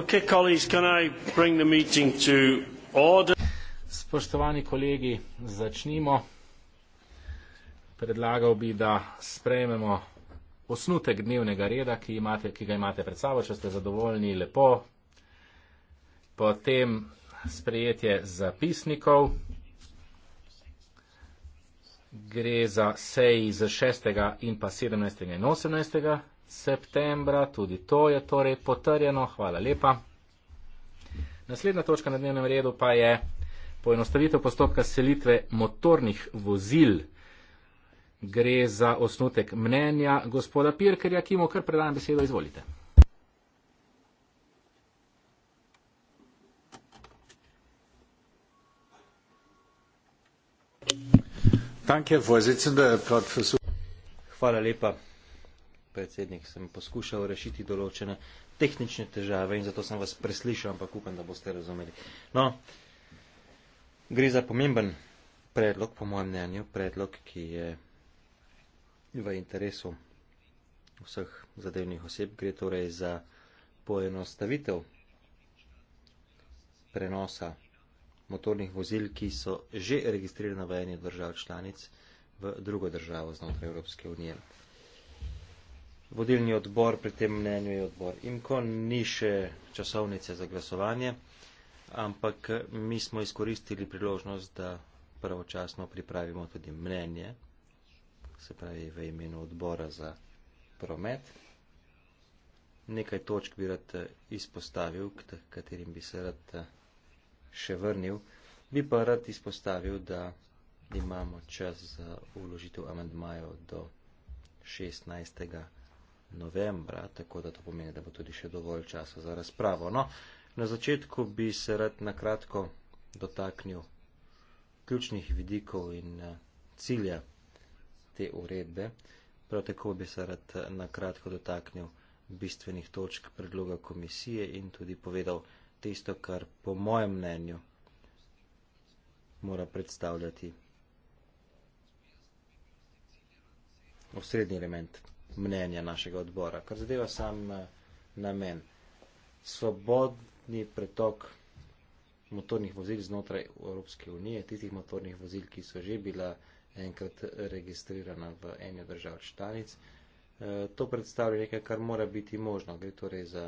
Okay, colleagues, can I bring the meeting to order? Spoštovani kolegi, začnimo. Predlagal bi, da sprejmemo osnutek dnevnega reda, ki, imate, ki ga imate pred sabo, če ste zadovoljni, lepo. Potem sprejetje zapisnikov. Gre za seji z 6. in pa 17. in 18 septembra, tudi to je torej potrjeno, hvala lepa. Naslednja točka na dnevnem redu pa je poenostavitev postopka selitve motornih vozil. Gre za osnutek mnenja gospoda Pirkerja, ki mu kar predajam besedo, izvolite. Hvala lepa predsednik, sem poskušal rešiti določene tehnične težave in zato sem vas preslišal, ampak upam, da boste razumeli. No, gre za pomemben predlog, po mojem mnenju, predlog, ki je v interesu vseh zadevnih oseb. Gre torej za poenostavitev prenosa motornih vozil, ki so že registrirana v eni od držav članic, v drugo državo znotraj Evropske unije vodilni odbor, pri tem mnenju je odbor IMKO, ni še časovnice za glasovanje, ampak mi smo izkoristili priložnost, da pravočasno pripravimo tudi mnenje, se pravi v imenu odbora za promet. Nekaj točk bi rad izpostavil, k katerim bi se rad še vrnil. Bi pa rad izpostavil, da imamo čas za uložitev amendmajev do 16 novembra, tako da to pomeni, da bo tudi še dovolj časa za razpravo. No, na začetku bi se rad na kratko dotaknil ključnih vidikov in eh, cilja te uredbe. Prav tako bi se rad eh, na kratko dotaknil bistvenih točk predloga komisije in tudi povedal tisto, kar po mojem mnenju mora predstavljati osrednji element mnenja našega odbora. Kar zadeva sam eh, namen. Svobodni pretok motornih vozil znotraj Evropske unije, tistih motornih vozil, ki so že bila enkrat registrirana v eni držav članic. Eh, to predstavlja nekaj, kar mora biti možno. Gre torej za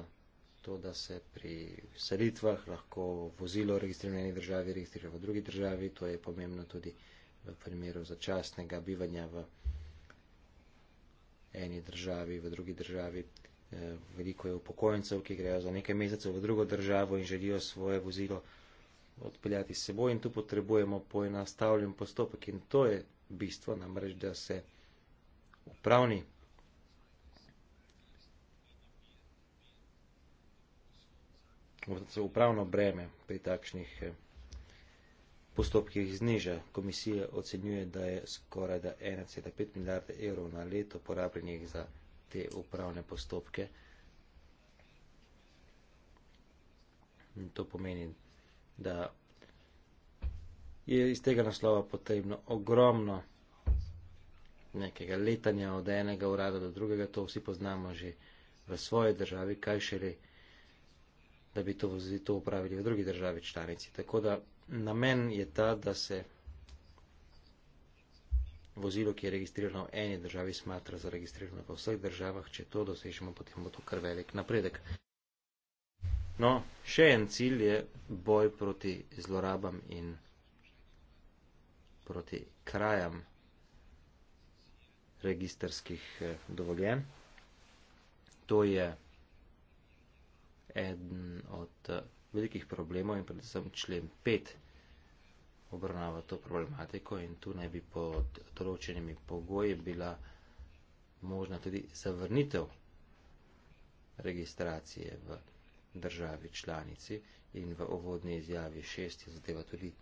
to, da se pri selitvah lahko vozilo registrirano v eni državi registrira v drugi državi. To je pomembno tudi v primeru začasnega bivanja v eni državi, v drugi državi. Eh, veliko je upokojencev, ki grejo za nekaj mesecev v drugo državo in želijo svoje vozilo odpeljati s seboj in tu potrebujemo poenostavljen postopek in to je bistvo, namreč, da se upravni upravno breme pri takšnih eh, postopkih zniža. Komisija ocenjuje, da je skoraj da 1,5 milijarde evrov na leto porabljenih za te upravne postopke. In to pomeni, da je iz tega naslova potrebno ogromno nekega letanja od enega urada do drugega, to vsi poznamo že v svoji državi, kaj šele, da bi to, to upravili v drugi državi članici. Tako da namen je ta, da se vozilo, ki je registrirano v eni državi, smatra za registrirano v vseh državah. Če to dosežemo, potem bo to kar velik napredek. No, še en cilj je boj proti zlorabam in proti krajam registerskih eh, dovoljen. To je eden od eh, velikih problemov in predvsem člen 5 obravnava to problematiko in tu naj bi pod določenimi pogoji bila možna tudi zavrnitev registracije v državi članici in v uvodni izjavi šest je zadeva tudi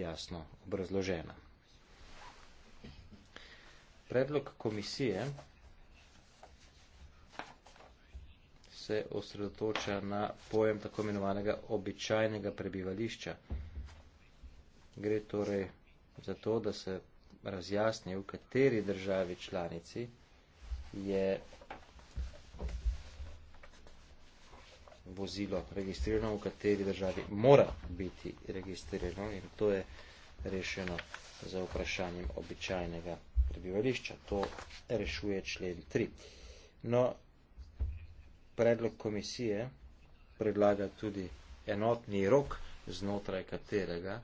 jasno obrazložena. Predlog komisije se osredotoča na pojem tako imenovanega običajnega prebivališča. Gre torej za to, da se razjasni, v kateri državi članici je vozilo registrirano, v kateri državi mora biti registrirano in to je rešeno za vprašanjem običajnega prebivališča. To rešuje člen 3. No, predlog komisije predlaga tudi enotni rok, znotraj katerega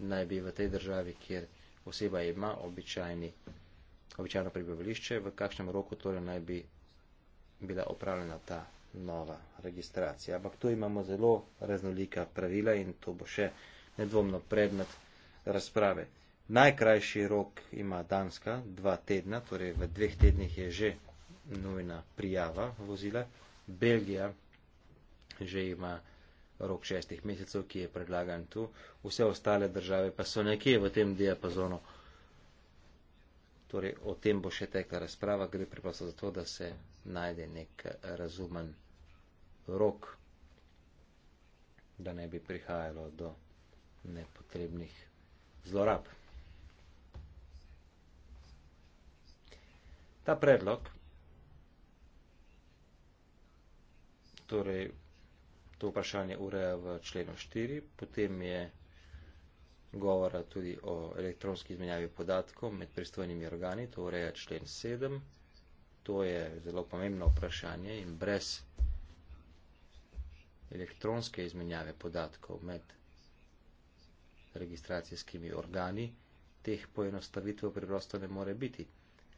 naj bi v tej državi, kjer oseba ima običajni, običajno prebivališče, v kakšnem roku torej naj bi bila opravljena ta nova registracija. Ampak tu imamo zelo raznolika pravila in to bo še nedvomno predmet razprave. Najkrajši rok ima Danska, dva tedna, torej v dveh tednih je že nujna prijava vozila. Belgija že ima rok šestih mesecev, ki je predlagan tu, vse ostale države pa so nekje v tem diapazonu. Torej, o tem bo še teka razprava, gre preprosto za to, da se najde nek razumen rok, da ne bi prihajalo do nepotrebnih zlorab. Ta predlog, torej to vprašanje ureja v členu 4, potem je govora tudi o elektronski izmenjavi podatkov med pristojnimi organi, to ureja člen 7. To je zelo pomembno vprašanje in brez elektronske izmenjave podatkov med registracijskimi organi teh poenostavitev preprosto ne more biti.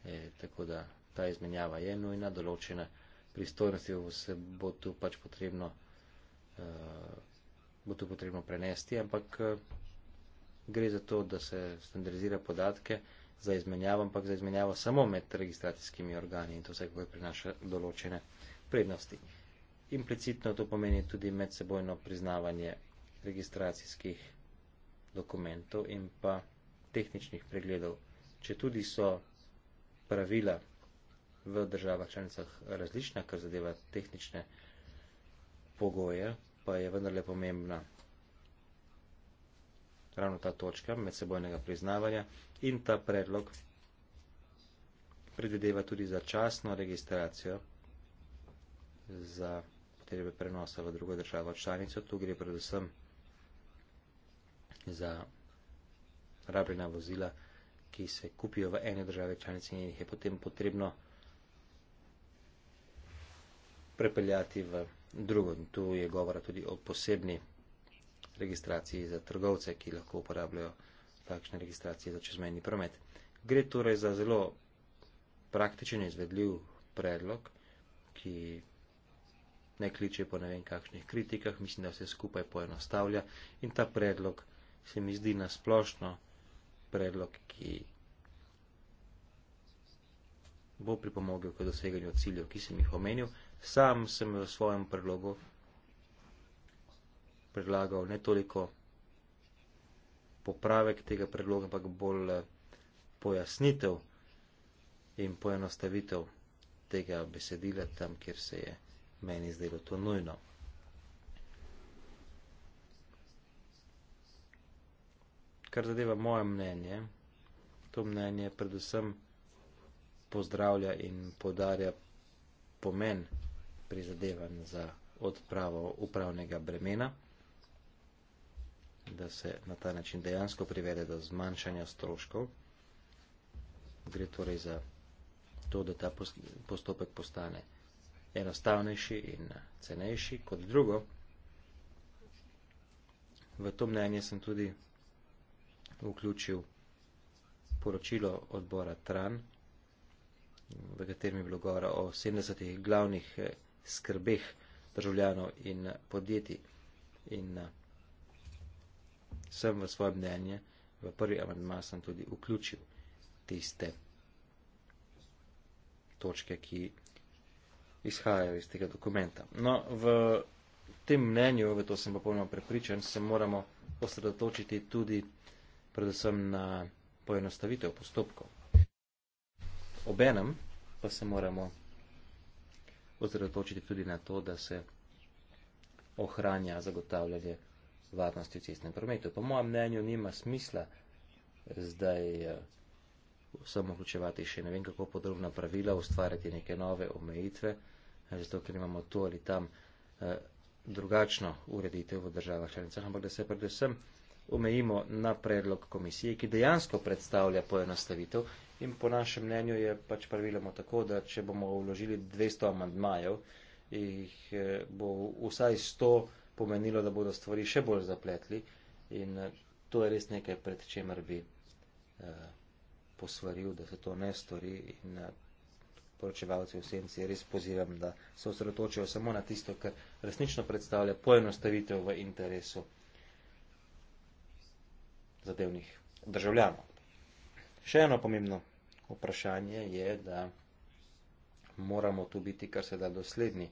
E, tako da ta izmenjava je nujna, določena pristojnosti se bo tu pač potrebno uh, bo to potrebno prenesti, ampak uh, gre za to, da se standardizira podatke za izmenjavo, ampak za izmenjavo samo med registracijskimi organi in to vse, kar prinaša določene prednosti. Implicitno to pomeni tudi medsebojno priznavanje registracijskih dokumentov in pa tehničnih pregledov. Če tudi so pravila v državah članicah različna, kar zadeva tehnične pogoje, pa je vendarle pomembna ravno ta točka medsebojnega priznavanja in ta predlog predvideva tudi začasno registracijo za potrebe prenosa v drugo državo članico. Tu gre predvsem za rabljena vozila, ki se kupijo v eni državi članici in jih je potem potrebno prepeljati v drugo. Tu je govora tudi o posebni registraciji za trgovce, ki lahko uporabljajo takšne registracije za čezmejni promet. Gre torej za zelo praktičen in izvedljiv predlog, ki ne kliče po ne vem kakšnih kritikah, mislim, da se skupaj poenostavlja in ta predlog se mi zdi nasplošno predlog, ki bo pripomogel k doseganju ciljev, ki sem jih omenil. Sam sem v svojem predlogu predlagal ne toliko popravek tega predloga, ampak bolj eh, pojasnitev in poenostavitev tega besedila tam, kjer se je meni zdelo to nujno. Kar zadeva moje mnenje, to mnenje predvsem pozdravlja in podarja pomen prizadevanj za odpravo upravnega bremena, da se na ta način dejansko privede do zmanjšanja stroškov. Gre torej za to, da ta postopek postane enostavnejši in cenejši. Kot drugo, v to mnenje sem tudi vključil poročilo odbora TRAN, v katerem je bilo govora o 70 glavnih skrbeh državljanov in podjetij. In eh, sem v svoje mnenje, v prvi amandma sem tudi vključil tiste točke, ki izhajajo iz tega dokumenta. No, v tem mnenju, v to sem popolnoma prepričan, se moramo osredotočiti tudi predvsem na poenostavitev postopkov. Obenem pa se moramo ozredotočiti tudi na to, da se ohranja zagotavljanje varnosti v cestnem prometu. Po mojem mnenju nima smisla zdaj eh, samo vključevati še ne vem kako podrobna pravila, ustvarjati neke nove omejitve, zato ker imamo to ali tam eh, drugačno ureditev v državah članicah, ampak da se predvsem omejimo na predlog komisije, ki dejansko predstavlja poenostavitev In po našem mnenju je pač praviloma tako, da če bomo vložili 200 amandmajev, jih eh, bo vsaj 100 pomenilo, da bodo stvari še bolj zapletli. In eh, to je res nekaj, pred čemer bi eh, posvaril, da se to ne stori. In poročevalci v senci res pozivam, da se osredotočijo samo na tisto, kar resnično predstavlja poenostavitev v interesu zadevnih državljanov. Še eno pomembno vprašanje je, da moramo tu biti kar se da dosledni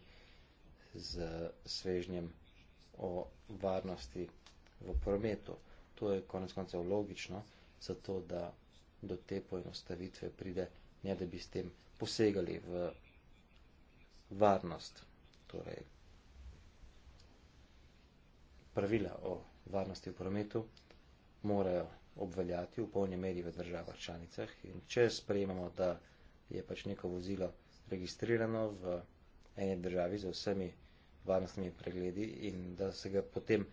z svežnjem o varnosti v prometu. To je konec koncev logično, zato da do te poenostavitve pride, ne da bi s tem posegali v varnost, torej pravila o varnosti v prometu morajo obveljati v polni meri v državah članicah in če sprejemamo, da je pač neko vozilo registrirano v eni državi z vsemi varnostnimi pregledi in da se ga potem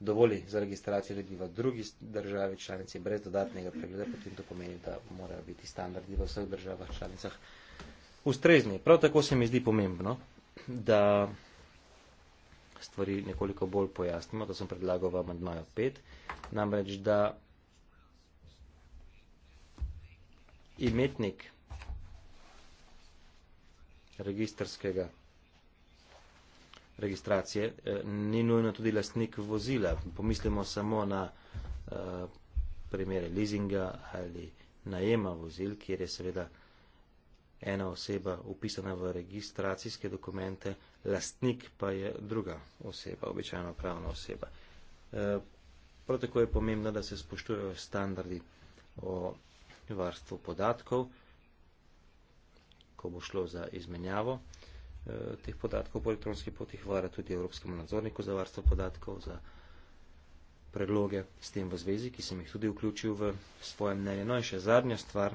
dovoli za registracijo ljudi v drugi državi članici brez dodatnega pregleda, potem to pomeni, da morajo biti standardi v vseh državah članicah ustrezni. Prav tako se mi zdi pomembno, da stvari nekoliko bolj pojasnimo, da sem predlagal v amandmaju 5, namreč da imetnik registrskega registracije, eh, ni nujno tudi lastnik vozila. Pomislimo samo na eh, primere leasinga ali najema vozil, kjer je seveda ena oseba upisana v registracijske dokumente, lastnik pa je druga oseba, običajno pravna oseba. Eh, prav tako je pomembno, da se spoštujejo standardi o varstvo podatkov, ko bo šlo za izmenjavo eh, teh podatkov po elektronski poti, hvala tudi Evropskemu nadzorniku za varstvo podatkov, za predloge s tem v zvezi, ki sem jih tudi vključil v svoje mnenje. No in še zadnja stvar,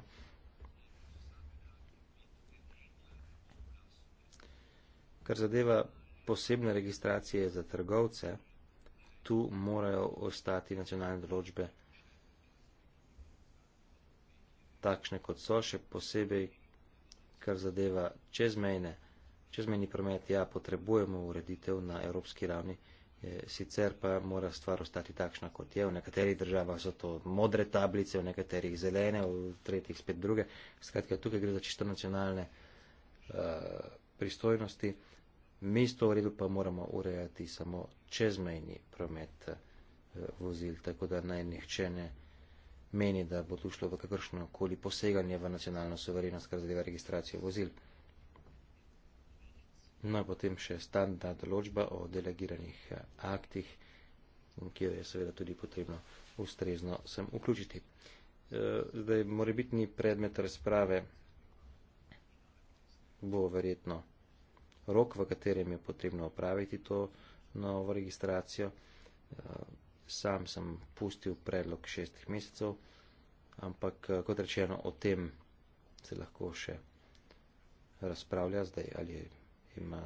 kar zadeva posebne registracije za trgovce, tu morajo ostati nacionalne določbe trgovce takšne kot so, še posebej, kar zadeva čezmejne, čezmejni promet, ja, potrebujemo ureditev na evropski ravni, e, sicer pa mora stvar ostati takšna kot je, v nekaterih državah so to modre tablice, v nekaterih zelene, v tretjih spet druge, skratka, tukaj gre za čisto nacionalne e, pristojnosti, mi s to uredu pa moramo urejati samo čezmejni promet e, vozil, tako da naj nihče ne. Ničene, meni, da bo tu šlo v kakršno koli poseganje v nacionalno soverenost, kar zadeva registracijo vozil. No, potem še standardna določba o delegiranih eh, aktih, ki jo je seveda tudi potrebno ustrezno sem vključiti. Eh, zdaj, morebitni predmet razprave bo verjetno rok, v katerem je potrebno opraviti to novo registracijo. Eh, sam sem pustil predlog šestih mesecev, ampak eh, kot rečeno, o tem se lahko še razpravlja zdaj, ali ima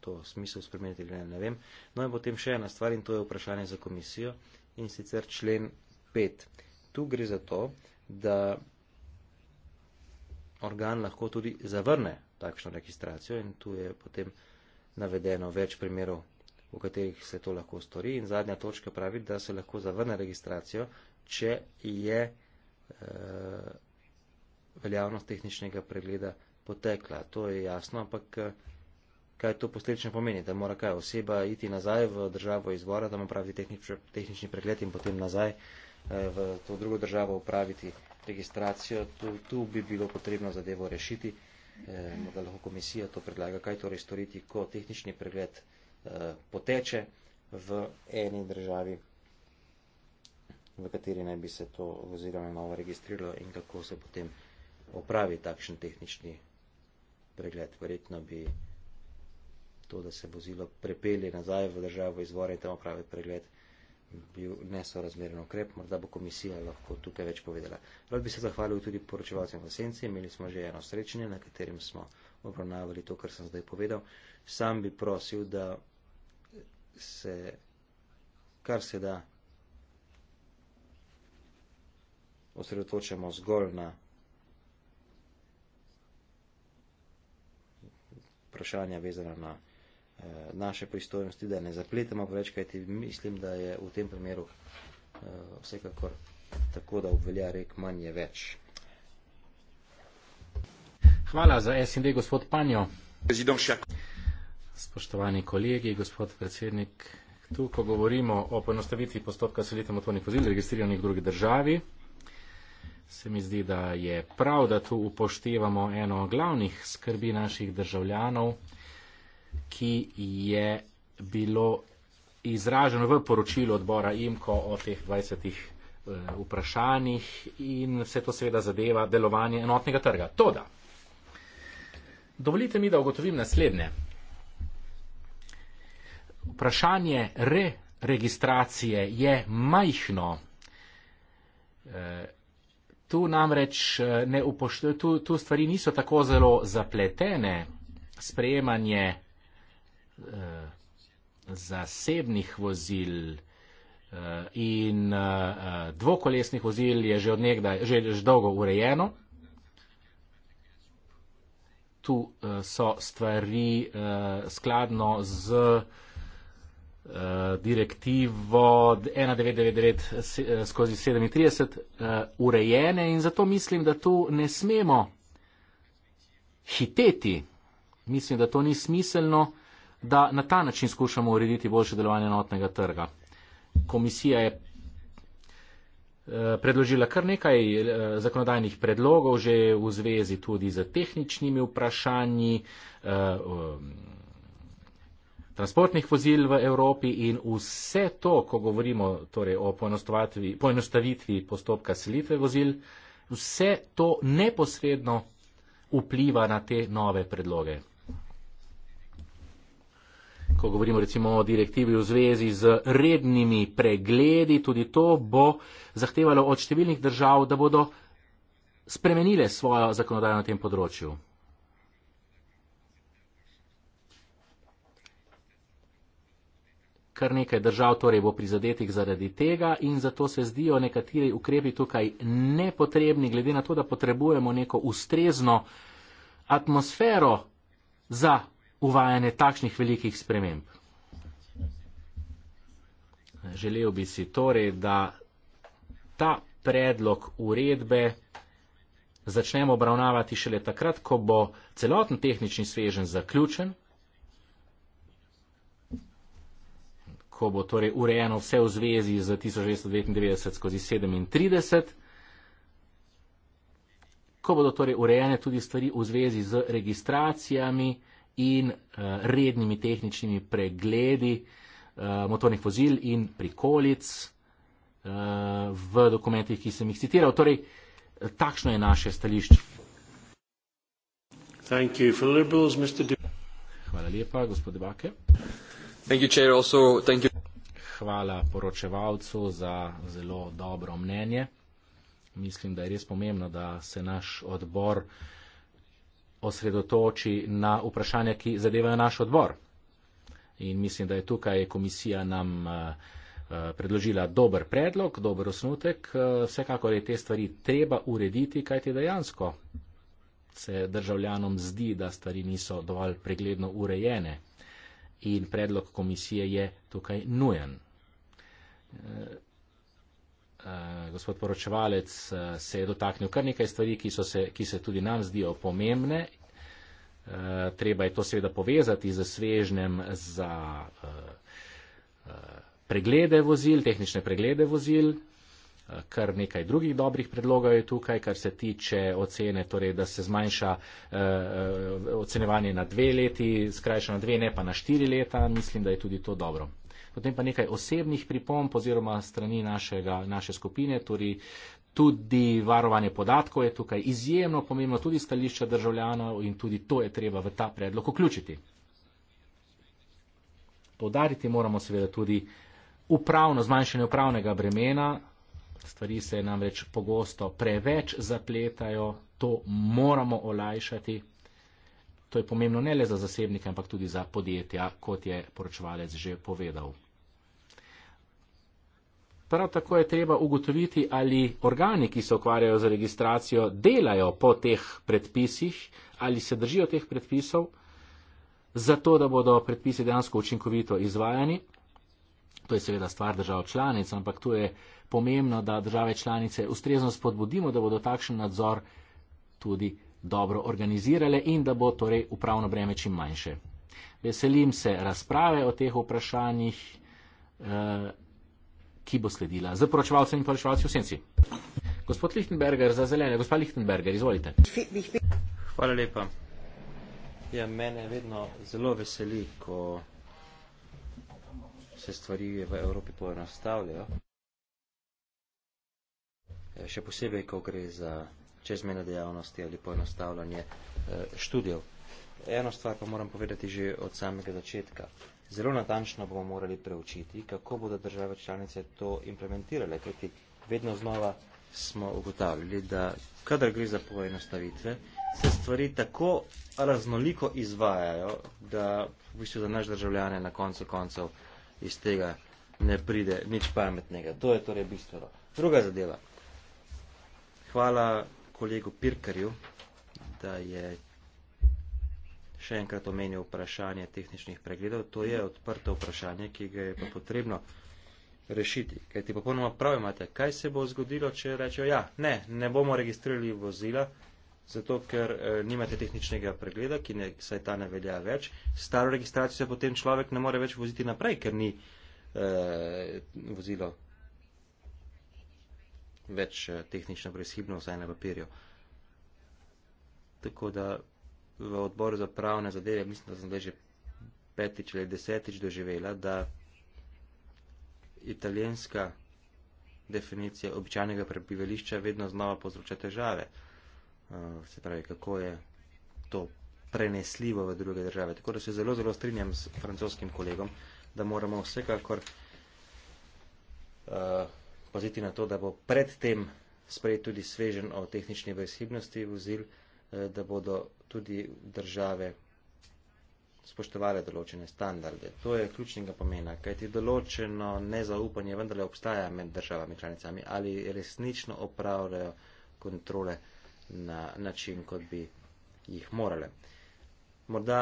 to smisel spremeniti ali ne, ne vem. No in potem še ena stvar in to je vprašanje za komisijo in sicer člen 5. Tu gre za to, da organ lahko tudi zavrne takšno registracijo in tu je potem navedeno več primerov v katerih se to lahko stori. In zadnja točka pravi, da se lahko zavrne registracijo, če je e, veljavnost tehničnega pregleda potekla. To je jasno, ampak eh, kaj to posledično pomeni? Da mora kaj oseba iti nazaj v državo izvora, da mu pravi tehnični pregled in potem nazaj e, v to drugo državo upraviti registracijo. Tu, tu bi bilo potrebno zadevo rešiti. E, morda lahko komisija to predlaga, kaj torej storiti, ko tehnični pregled. Eh, poteče v eni državi, v kateri naj bi se to oziroma novo registriralo in kako se potem opravi takšen tehnični pregled. Verjetno bi to, da se vozilo prepelje nazaj v državo izvora in tam opravi pregled, bil nesorazmeren ukrep, morda bo komisija lahko tukaj več povedala. Rad bi se zahvalil tudi poročevalcem v Senci, imeli smo že eno srečanje, na katerem smo obravnavali to, kar sem zdaj povedal. Sam bi prosil, da se kar se da osredotočamo zgolj na vprašanja vezana na eh, naše pristojnosti, da ne zapletemo preveč, kajti mislim, da je v tem primeru eh, vsekakor tako, da obvelja rek manj je več. Hvala za SND, gospod Panjo. Zidom šak spoštovani kolegi, gospod predsednik, tu, ko govorimo o poenostavitvi postopka selitve motornih vozil registriranih v drugi državi, se mi zdi, da je prav, da tu upoštevamo eno glavnih skrbi naših državljanov, ki je bilo izraženo v poročilu odbora IMKO o teh 20 eh, vprašanjih in vse to seveda zadeva delovanje enotnega trga. Toda, dovolite mi, da ugotovim naslednje vprašanje re-registracije je majhno. Eh, tu namreč eh, ne upoštevajo, tu, tu stvari niso tako zelo zapletene. Sprejemanje eh, zasebnih vozil in dvokolesnih vozil je že odnegdaj, že, že dolgo urejeno. Tu so stvari skladno z direktivo 1999 eh, skozi 37 eh, urejene in zato mislim, da tu ne smemo hiteti. Mislim, da to ni smiselno, da na ta način skušamo urediti boljše delovanje notnega trga. Komisija je eh, predložila kar nekaj zakonodajnih predlogov, že v zvezi tudi z tehničnimi vprašanji transportnih vozil v Evropi in vse to, ko govorimo torej, o poenostavitvi postopka selitve vozil, vse to neposredno vpliva na te nove predloge. Ko govorimo recimo o direktivi v zvezi z rednimi pregledi, tudi to bo zahtevalo od številnih držav, da bodo spremenile svojo zakonodajo na tem področju. kar nekaj držav torej bo prizadetih zaradi tega in zato se zdijo nekateri ukrepi tukaj nepotrebni, glede na to, da potrebujemo neko ustrezno atmosfero za uvajanje takšnih velikih sprememb. Želel bi si torej, da ta predlog uredbe začnemo obravnavati šele takrat, ko bo celoten tehnični svežen zaključen, ko bo torej urejeno vse v zvezi z 1999 skozi 37, ko bodo torej urejene tudi stvari v zvezi z registracijami in uh, rednimi tehničnimi pregledi uh, motornih vozil in prikolic uh, v dokumentih, ki sem jih citiral. Torej, takšno je naše stališče. Hvala lepa, gospod Debake. Hvala poročevalcu za zelo dobro mnenje. Mislim, da je res pomembno, da se naš odbor osredotoči na vprašanja, ki zadevajo naš odbor. In mislim, da je tukaj komisija nam eh, eh, predložila dober predlog, dober osnutek. Eh, vsekakor je te stvari treba urediti, kajti dejansko se državljanom zdi, da stvari niso dovolj pregledno urejene, in predlog komisije je tukaj nujen. Eh, eh, gospod poročevalec eh, se je dotaknil kar nekaj stvari, ki, se, ki se tudi nam zdijo pomembne. Treba je to seveda povezati z svežnem za preglede vozil, tehnične preglede vozil, Eh, kar nekaj drugih dobrih predlogov je tukaj, kar se tiče ocene, torej da se zmanjša eh, eh ocenevanje na dve leti, skrajša na dve, ne pa na štiri leta, mislim, da je tudi to dobro. Potem pa nekaj osebnih pripomp oziroma strani našega, naše skupine, torej tudi varovanje podatkov je tukaj izjemno pomembno, tudi stališča državljana in tudi to je treba v ta predlog vključiti. Povdariti moramo seveda tudi upravno, zmanjšanje upravnega bremena Stvari se namreč pogosto preveč zapletajo, to moramo olajšati. To je pomembno ne le za zasebnike, ampak tudi za podjetja, kot je poročevalec že povedal. Prav tako je treba ugotoviti, ali organi, ki se ukvarjajo z registracijo, delajo po teh predpisih ali se držijo teh predpisov, zato da bodo predpisi dejansko učinkovito izvajani. To je seveda stvar držav članic, ampak tu je pomembno, da države članice ustrezno spodbudimo, da bodo takšen nadzor tudi dobro organizirale in da bo torej upravno breme čim manjše. Veselim se razprave o teh vprašanjih, eh, ki bo sledila za poročevalce in poročevalce v senci. Gospod Lichtenberger za zelene, gospod Lichtenberger, izvolite. Hvala lepa. Ja, mene vedno zelo veseli, ko se stvari v Evropi poenostavljajo. Eh, še posebej, ko gre za čezmene dejavnosti ali poenostavljanje eh, študijev. Eno stvar pa moram povedati že od samega začetka. Zelo natančno bomo morali preučiti, kako bodo države članice to implementirale, kajti vedno znova smo ugotavljali, da kadar gre za poenostavitve, se stvari tako raznoliko izvajajo, da v bistvu za naš državljane na koncu koncev iz tega ne pride nič pametnega. To je torej bistveno. Druga zadeva hvala kolegu Pirkerju, da je še enkrat omenil vprašanje tehničnih pregledov. To je odprto vprašanje, ki ga je pa potrebno rešiti. Kaj ti popolnoma prav imate, kaj se bo zgodilo, če rečejo, ja, ne, ne bomo registrirali vozila, zato ker eh, nimate tehničnega pregleda, ki ne, saj ta ne velja več. Staro registracijo potem človek ne more več voziti naprej, ker ni eh, vozilo več eh, tehnično brezhibno vsaj na papirju. Tako da v odboru za pravne zadeve, mislim, da sem zdaj že petič ali desetič doživela, da italijanska definicija običajnega prebivališča vedno znova povzroča težave. Uh, se pravi, kako je to prenesljivo v druge države. Tako da se zelo, zelo strinjam s francoskim kolegom, da moramo vsekakor uh, paziti na to, da bo predtem sprejet tudi svežen o tehnični brezhibnosti vozil, eh, da bodo tudi države spoštovale določene standarde. To je ključnega pomena, kajti določeno nezaupanje vendarle obstaja med državami članicami ali resnično opravljajo kontrole na način, kot bi jih morale. Morda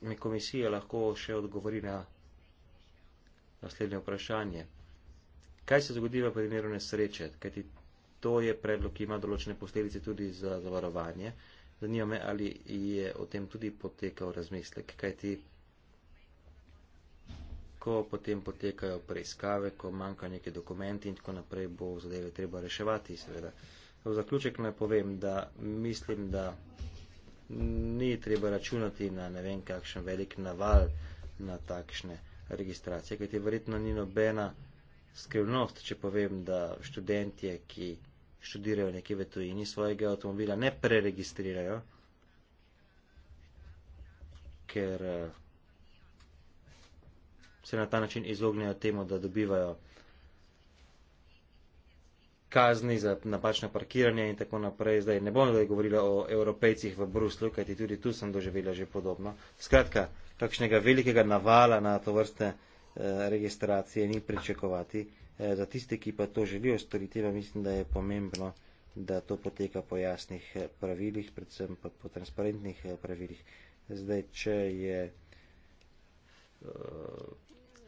mi komisija lahko še odgovori na naslednje vprašanje kaj se zgodi v primeru nesreče, kajti to je predlog, ki ima določene posledice tudi za zavarovanje. Zanima me, ali je o tem tudi potekal razmislek, kajti ko potem potekajo preiskave, ko manjka neke dokumenti in tako naprej, bo zadeve treba reševati, seveda. V zaključek naj povem, da mislim, da ni treba računati na ne vem kakšen velik naval na takšne registracije, kajti verjetno ni nobena skrivnost, če povem, da študentje, ki študirajo nekje v tujini svojega avtomobila, ne preregistrirajo, ker eh, se na ta način izognejo temu, da dobivajo kazni za napačno parkiranje in tako naprej. Zdaj ne bom zdaj govorila o evropejcih v Bruslu, kajti tudi tu sem doživela že podobno. Skratka, kakšnega velikega navala na to vrste. Eh, registracije ni pričakovati. Eh, za tiste, ki pa to želijo storiti, pa mislim, da je pomembno, da to poteka po jasnih eh, pravilih, predvsem pa po transparentnih pravilih. Zdaj, če je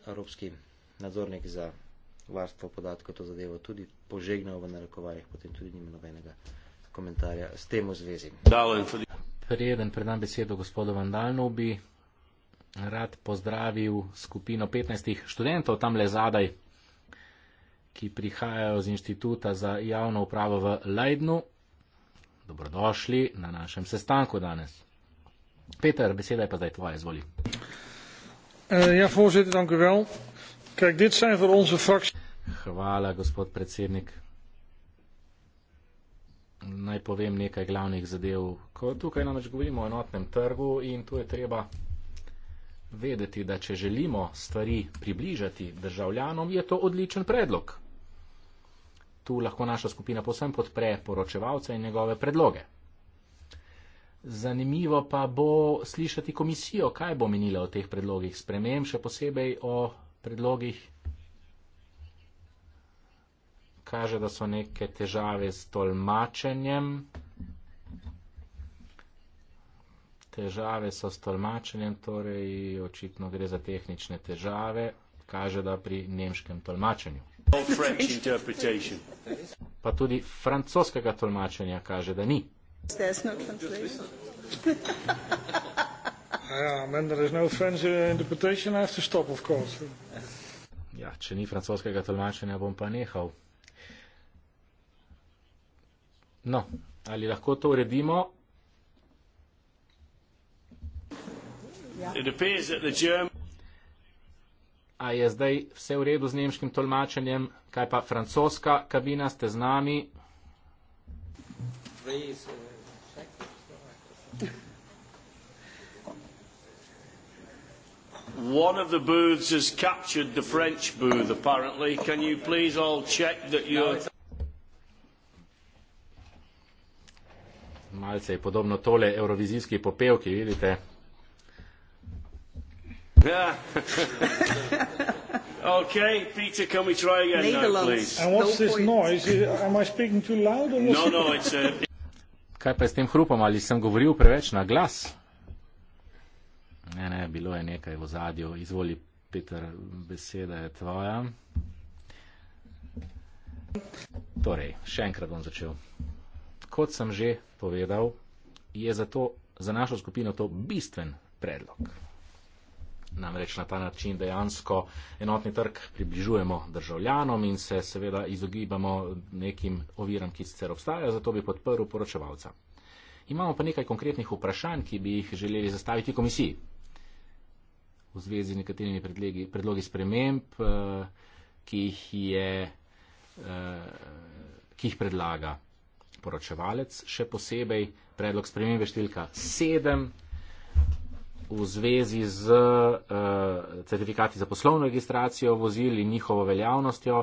Evropski nadzornik za varstvo podatkov to zadevo tudi požegnal v narekovanjih, potem tudi nima nobenega komentarja s tem v zvezi. Preden predam besedo gospodu Vandalnu, bi rad pozdravil skupino 15 študentov tam le zadaj, ki prihajajo z inštituta za javno upravo v Leidnu. Dobrodošli na našem sestanku danes. Peter, beseda je pa zdaj tvoja, izvoli. Uh, ja, voorzitter, dank u wel. Kijk, dit zijn voor onze fractie. Hvala, gospod predsednik. Naj povem nekaj glavnih zadev. Ko tukaj namreč govorimo o enotnem trgu in tu je treba vedeti, da če želimo stvari približati državljanom, je to odličen predlog. Tu lahko naša skupina posem podpre poročevalca in njegove predloge. Zanimivo pa bo slišati komisijo, kaj bo menila o teh predlogih sprememb, še posebej o predlogih. Kaže, da so neke težave s tolmačenjem. težave so s tolmačenjem, torej očitno gre za tehnične težave, kaže da pri nemškem tolmačenju. No pa tudi francoskega tolmačenja kaže, da ni. No ja, no uh, ja, če ni francoskega tolmačenja, bom pa nehal. No, ali lahko to uredimo? A je zdaj vse v redu z nemškim tolmačenjem? Kaj pa francoska kabina, ste z nami? One of the booths has captured the French booth, apparently. Can you please all check that you're. Malce je podobno tole, evrovizijski popevki, vidite. okay, Peter, can we try again Leave now, alone. please? And what's no this point. noise? Is, am I speaking too loud? Or no, no, it's uh, a... Kaj pa je s tem hrupom? Ali sem govoril preveč na glas? Ne, ne, bilo je nekaj v zadju. Izvoli, Peter, beseda je tvoja. Torej, še enkrat bom začel. Kot sem že povedal, je zato za našo skupino to bistven predlog. Namreč na ta način dejansko enotni trg približujemo državljanom in se seveda izogibamo nekim oviram, ki sicer obstajajo, zato bi podprl poročevalca. Imamo pa nekaj konkretnih vprašanj, ki bi jih želeli zastaviti komisiji v zvezi z nekaterimi predlegi, predlogi sprememb, eh, ki jih, je, eh, ki jih predlaga poročevalec, še posebej predlog spremembe številka 7 v zvezi z uh, certifikati za poslovno registracijo vozil in njihovo veljavnostjo,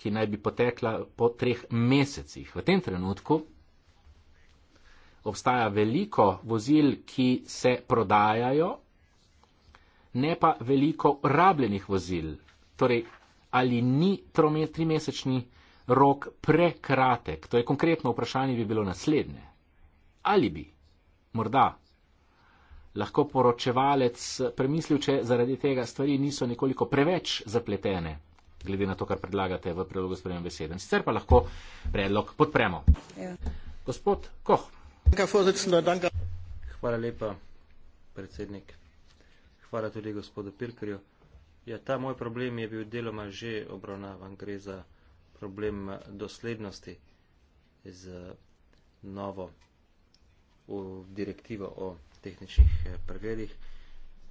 ki naj bi potekla po treh mesecih. V tem trenutku obstaja veliko vozil, ki se prodajajo, ne pa veliko rabljenih vozil. Torej, ali ni trimesečni rok prekratek? To je konkretno vprašanje, bi bilo naslednje. Ali bi? Morda lahko poročevalec premislil, če zaradi tega stvari niso nekoliko preveč zapletene, glede na to, kar predlagate v predlogu sprejem besede. Sicer pa lahko predlog podpremo. Ja. Gospod Koh. Hvala lepa, predsednik. Hvala tudi gospodu Pirkerju. Ja, ta moj problem je bil deloma že obravnavan. Gre za problem doslednosti z novo direktivo o tehničnih eh, pregledih.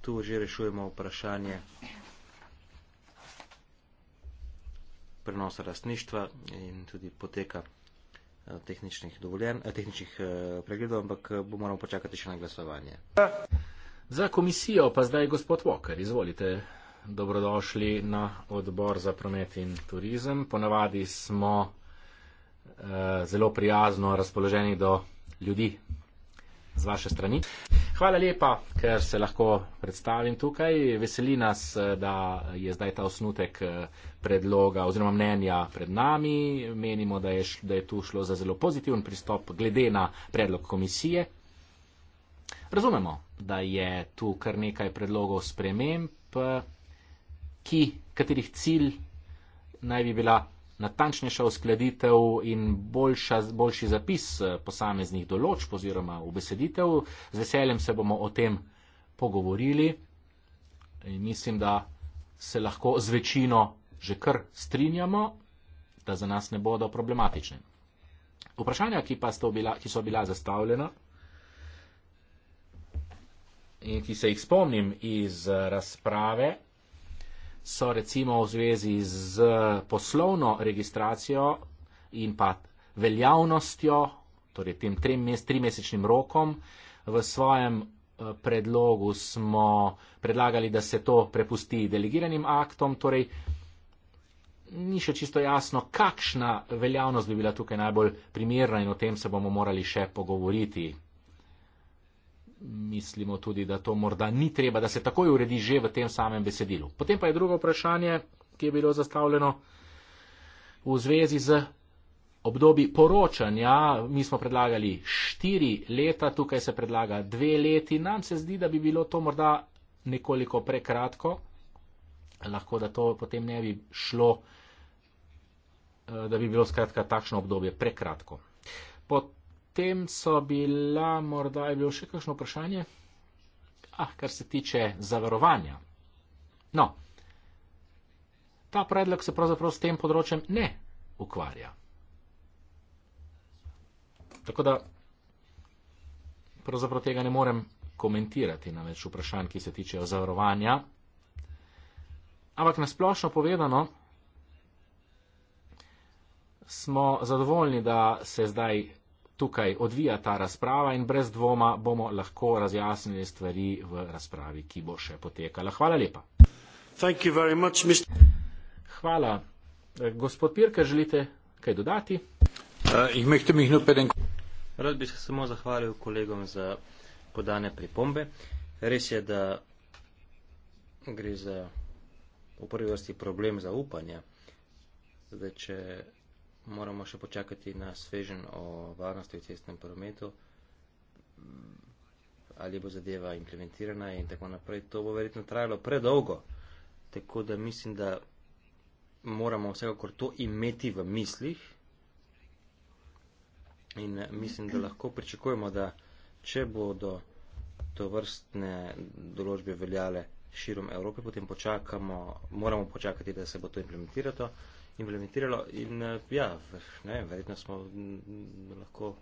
Tu že rešujemo vprašanje prenosa lastništva in tudi poteka eh, tehničnih, dovoljen, eh, tehničnih pregledov, ampak bomo morali počakati še na glasovanje. Za komisijo pa zdaj gospod Walker, izvolite. Dobrodošli na odbor za promet in turizem. Ponavadi smo eh, zelo prijazno razpoloženi do ljudi, z vaše strani. Hvala lepa, ker se lahko predstavim tukaj. Veseli nas, da je zdaj ta osnutek eh, predloga oziroma mnenja pred nami. Menimo, da je, da je tu šlo za zelo pozitiven pristop glede na predlog komisije. Razumemo, da je tu kar nekaj predlogov sprememb, eh, ki, katerih cilj naj bi bila natančnejša uskladitev in boljša, boljši zapis eh, posameznih določb oziroma ubeseditev. Z veseljem se bomo o tem pogovorili in mislim, da se lahko z večino že kar strinjamo, da za nas ne bodo problematične. Vprašanja, ki, pa so bila, ki so bila zastavljena in ki se jih spomnim iz eh, razprave, so recimo v zvezi z poslovno registracijo in pa veljavnostjo, torej tem trimesečnim rokom, v svojem eh, predlogu smo predlagali, da se to prepusti delegiranim aktom, torej ni še čisto jasno, kakšna veljavnost bi bila tukaj najbolj primerna in o tem se bomo morali še pogovoriti mislimo tudi, da to morda ni treba, da se takoj uredi že v tem samem besedilu. Potem pa je drugo vprašanje, ki je bilo zastavljeno v zvezi z obdobji poročanja. Mi smo predlagali štiri leta, tukaj se predlaga dve leti. Nam se zdi, da bi bilo to morda nekoliko prekratko, lahko da to potem ne bi šlo, eh, da bi bilo skratka takšno obdobje prekratko. Potem Potem so bila, morda je bilo še kakšno vprašanje, ah, kar se tiče zavarovanja. No, ta predlog se pravzaprav s tem področjem ne ukvarja. Tako da pravzaprav tega ne morem komentirati na več vprašanj, ki se tiče zavarovanja. Ampak nasplošno povedano, smo zadovoljni, da se zdaj tukaj odvija ta razprava in brez dvoma bomo lahko razjasnili stvari v razpravi, ki bo še potekala. Hvala lepa. Much, Mr... Hvala. Eh, gospod Pirke, želite kaj dodati? Uh, Rad bi se samo zahvalil kolegom za podane pripombe. Res je, da gre za v prvi vrsti problem zaupanja. Zdaj, če moramo še počakati na svežen o varnosti v cestnem prometu, ali bo zadeva implementirana in tako naprej. To bo verjetno trajalo predolgo, tako da mislim, da moramo vsekakor to imeti v mislih in eh, mislim, da lahko pričakujemo, da če bodo to vrstne določbe veljale širom Evrope, potem počakamo, moramo počakati, da se bo to implementiralo implementiralo in eh, ja, ne, verjetno smo lahko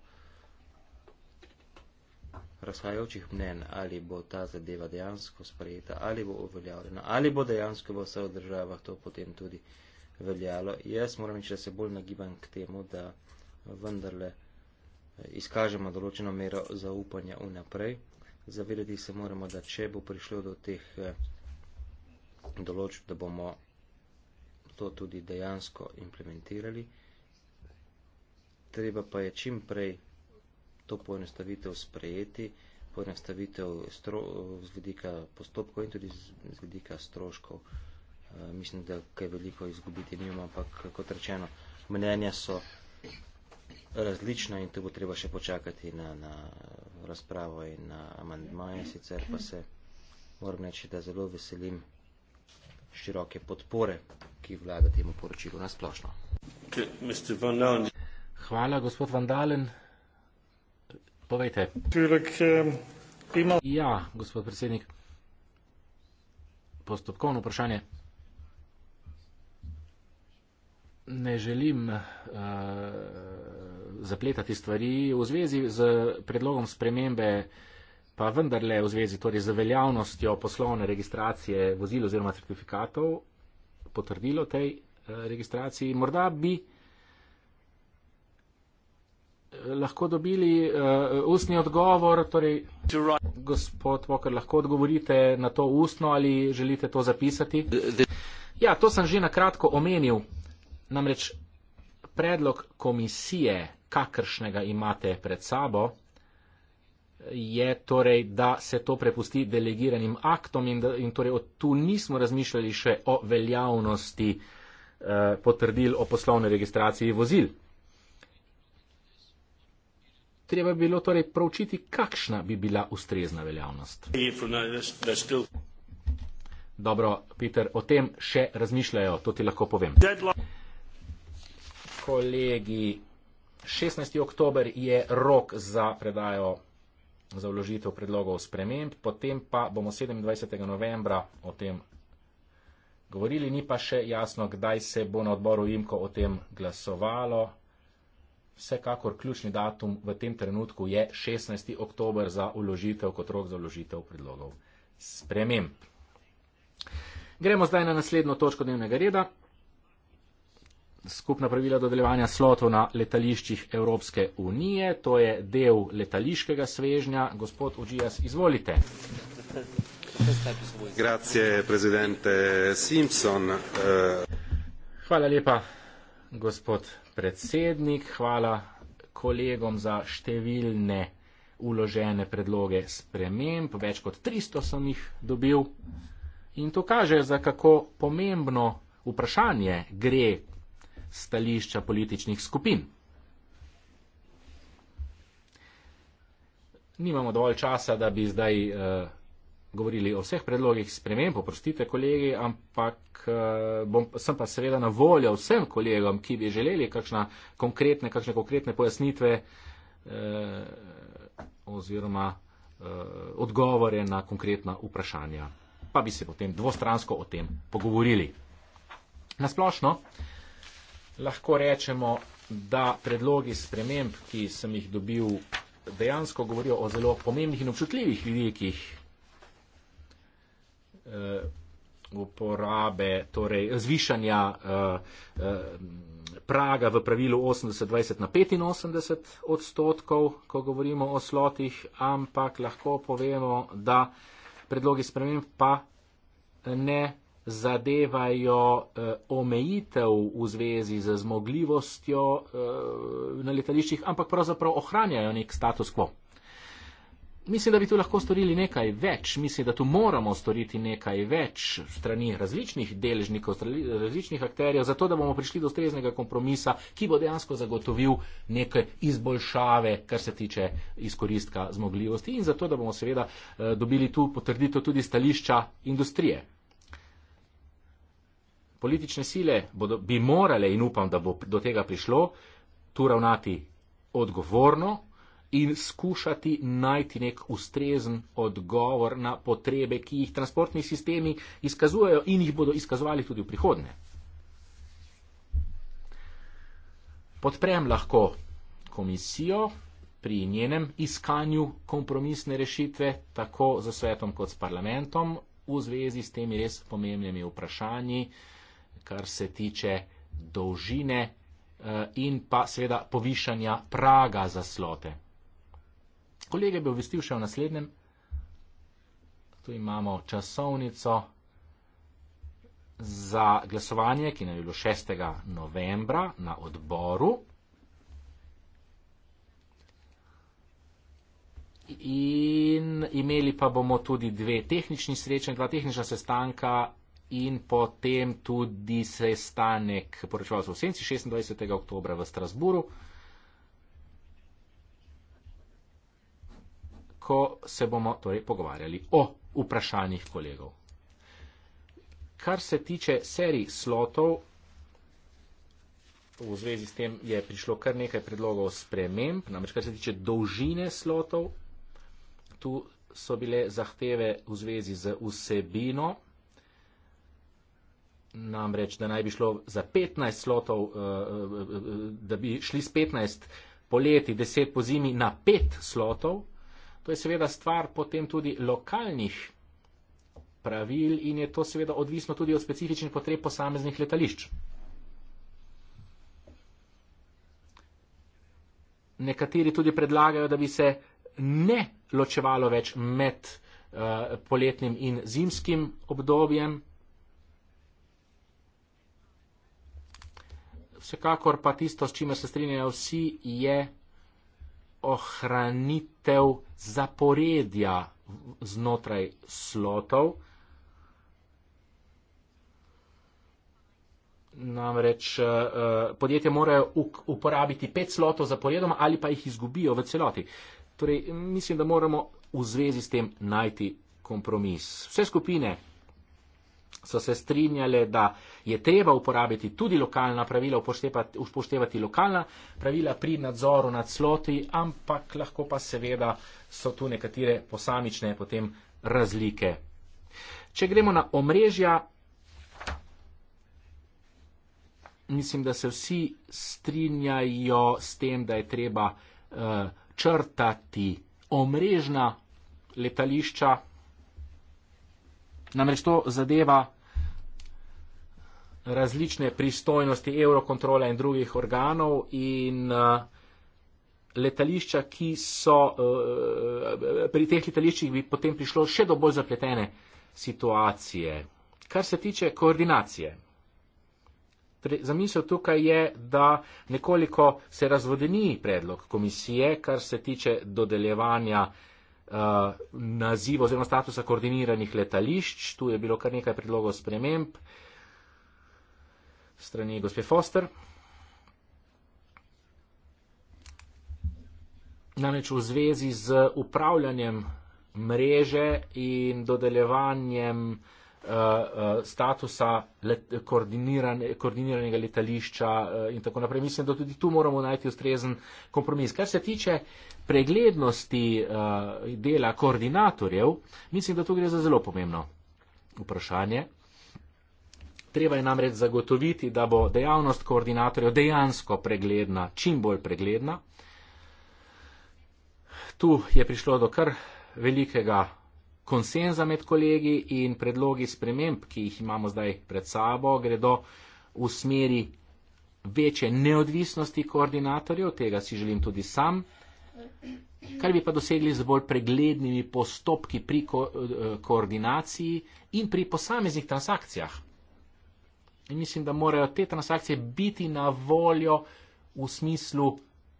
razhajajočih mnen, ali bo ta zadeva dejansko sprejeta, ali bo uveljavljena, ali bo dejansko v vseh državah to potem tudi veljalo. Jaz moram reči, da se bolj nagibam k temu, da vendarle eh, izkažemo določeno mero zaupanja vnaprej. Zavedati se moramo, da če bo prišlo do teh eh, določb, da bomo to tudi dejansko implementirali. Treba pa je čim prej to poenostavitev sprejeti, poenostavitev z vedika postopkov in tudi z vedika stroškov. Eh, mislim, da kaj veliko izgubiti nimamo, ampak kot rečeno, mnenja so različna in to bo treba še počakati na, na razpravo in na amandmaje. Sicer pa se moram reči, da zelo veselim široke podpore, ki vlada temu poročilu nasplošno. Hvala, gospod Vandalen. Povejte. Ja, gospod predsednik. Postopkovno vprašanje. Ne želim uh, zapletati stvari v zvezi z predlogom spremembe uh, pa vendarle v zvezi torej z veljavnostjo poslovne registracije vozil oziroma certifikatov potrdilo tej eh, registraciji. Morda bi eh, lahko dobili uh, ustni odgovor, torej gospod Voker, lahko odgovorite na to ustno ali želite to zapisati? Ja, to sem že na kratko omenil. Namreč predlog komisije, kakršnega imate pred sabo, je torej, da se to prepusti delegiranim aktom in, da, in torej od tu nismo razmišljali še o veljavnosti eh, potrdil o poslovni registraciji vozil. Treba bi bilo torej pravčiti, kakšna bi bila ustrezna veljavnost. Dobro, Peter, o tem še razmišljajo, to ti lahko povem. Kolegi, 16. oktober je rok za predajo za vložitev predlogov sprememb, potem pa bomo 27. novembra o tem govorili, ni pa še jasno, kdaj se bo na odboru IMKO o tem glasovalo. Vsekakor ključni datum v tem trenutku je 16. oktober za uložitev kot rok za uložitev predlogov sprememb. Gremo zdaj na naslednjo točko dnevnega reda skupna pravila dodeljevanja slotov na letališčih Evropske unije. To je del letališkega svežnja. Gospod Ođijas, izvolite. Grazie, predsednik Simpson. Eh. Hvala lepa, gospod predsednik. Hvala kolegom za številne uložene predloge sprememb. Več kot 300 sem jih dobil. In to kaže, za kako pomembno vprašanje gre, stališča političnih skupin. Nimamo dovolj časa, da bi zdaj uh, govorili o vseh predlogih sprememb, oprostite kolegi, ampak uh, bom, sem pa seveda na voljo vsem kolegom, ki bi želeli kakšne konkretne, kakšne konkretne pojasnitve uh, oziroma uh, odgovore na konkretna vprašanja. Pa bi se potem dvostransko o tem pogovorili. Nasplošno. Uh, lahko rečemo, da predlogi sprememb, ki sem jih dobil, dejansko govorijo o zelo pomembnih in občutljivih vidikih eh, uporabe, torej zvišanja eh, eh, praga v pravilu 80-20 na 85 odstotkov, ko govorimo o slotih, ampak lahko povemo, da predlogi sprememb pa ne zadevajo eh, omejitev v zvezi z zmogljivostjo eh, na letališčih, ampak pravzaprav ohranjajo nek status quo. Mislim, da bi tu lahko storili nekaj več, mislim, da tu moramo storiti nekaj več strani različnih deležnikov, različnih akterjev, zato da bomo prišli do ustreznega kompromisa, ki bo dejansko zagotovil neke izboljšave, kar se tiče izkoristka zmogljivosti in zato da bomo seveda eh, dobili tu potrditev tudi stališča industrije. Politične sile bodo, bi morale, in upam, da bo do tega prišlo, tu ravnati odgovorno in skušati najti nek ustrezen odgovor na potrebe, ki jih transportni sistemi izkazujejo in jih bodo izkazovali tudi v prihodnje. Podprem lahko komisijo pri njenem iskanju kompromisne rešitve, tako za svetom kot s parlamentom, v zvezi s temi res pomembnimi vprašanji kar se tiče dolžine eh, in pa seveda povišanja praga za slote. Kolege bi obvestil še o naslednjem. Tu imamo časovnico za glasovanje, ki naj bi bilo 6. novembra na odboru. In imeli pa bomo tudi dve tehnični srečanji, dva tehnična sestanka in potem tudi sestanek poročevalcev v senci 26. oktober v Strasburu, ko se bomo torej pogovarjali o vprašanjih kolegov. Kar se tiče serij slotov, v zvezi s tem je prišlo kar nekaj predlogov sprememb, namreč kar se tiče dolžine slotov, tu so bile zahteve v zvezi z vsebino, namreč, da naj bi šlo za 15 slotov, eh, eh, eh, da bi šli z 15 poleti, 10 po zimi na 5 slotov. To je seveda stvar potem tudi lokalnih pravil in je to seveda odvisno tudi od specifičnih potreb posameznih letališč. Nekateri tudi predlagajo, da bi se ne ločevalo več med uh, poletnim in zimskim obdobjem, vsekakor pa tisto, s čime se strinjajo vsi, je ohranitev zaporedja znotraj slotov. Namreč eh, eh, podjetje morajo uporabiti pet slotov zaporedoma ali pa jih izgubijo v celoti. Torej, mislim, da moramo v zvezi s tem najti kompromis. Vse skupine so se strinjale, da je treba uporabiti tudi lokalna pravila, upoštevati, upoštevati lokalna pravila pri nadzoru nad sloti, ampak lahko pa seveda so tu nekatere posamične potem razlike. Če gremo na omrežja, mislim, da se vsi strinjajo s tem, da je treba uh, črtati omrežna letališča, Namreč to zadeva različne pristojnosti Eurokontrole in drugih organov in eh, letališča, ki so eh, pri teh letališčih bi potem prišlo še do bolj zapletene situacije. Kar se tiče koordinacije. Torej, zamisel tukaj je, da nekoliko se razvodeni predlog komisije, kar se tiče dodeljevanja uh, Eh, naziv oziroma statusa koordiniranih letališč. Tu je bilo kar nekaj predlogov sprememb strani gospe Foster. Namreč v zvezi z upravljanjem mreže in dodeljevanjem uh, Eh, eh, statusa let, koordinirane, koordiniranega letališča eh, in tako naprej. Mislim, da tudi tu moramo najti ustrezen kompromis. Kar se tiče preglednosti dela koordinatorjev, mislim, da tu gre za zelo pomembno vprašanje. Treba je namreč zagotoviti, da bo dejavnost koordinatorjev dejansko pregledna, čim bolj pregledna. Tu je prišlo do kar velikega konsenza med kolegi in predlogi sprememb, ki jih imamo zdaj pred sabo, gredo v smeri večje neodvisnosti koordinatorjev, tega si želim tudi sam, kar bi pa dosegli z bolj preglednimi postopki pri ko eh, koordinaciji in pri posameznih transakcijah. In mislim, da morajo te transakcije biti na voljo v smislu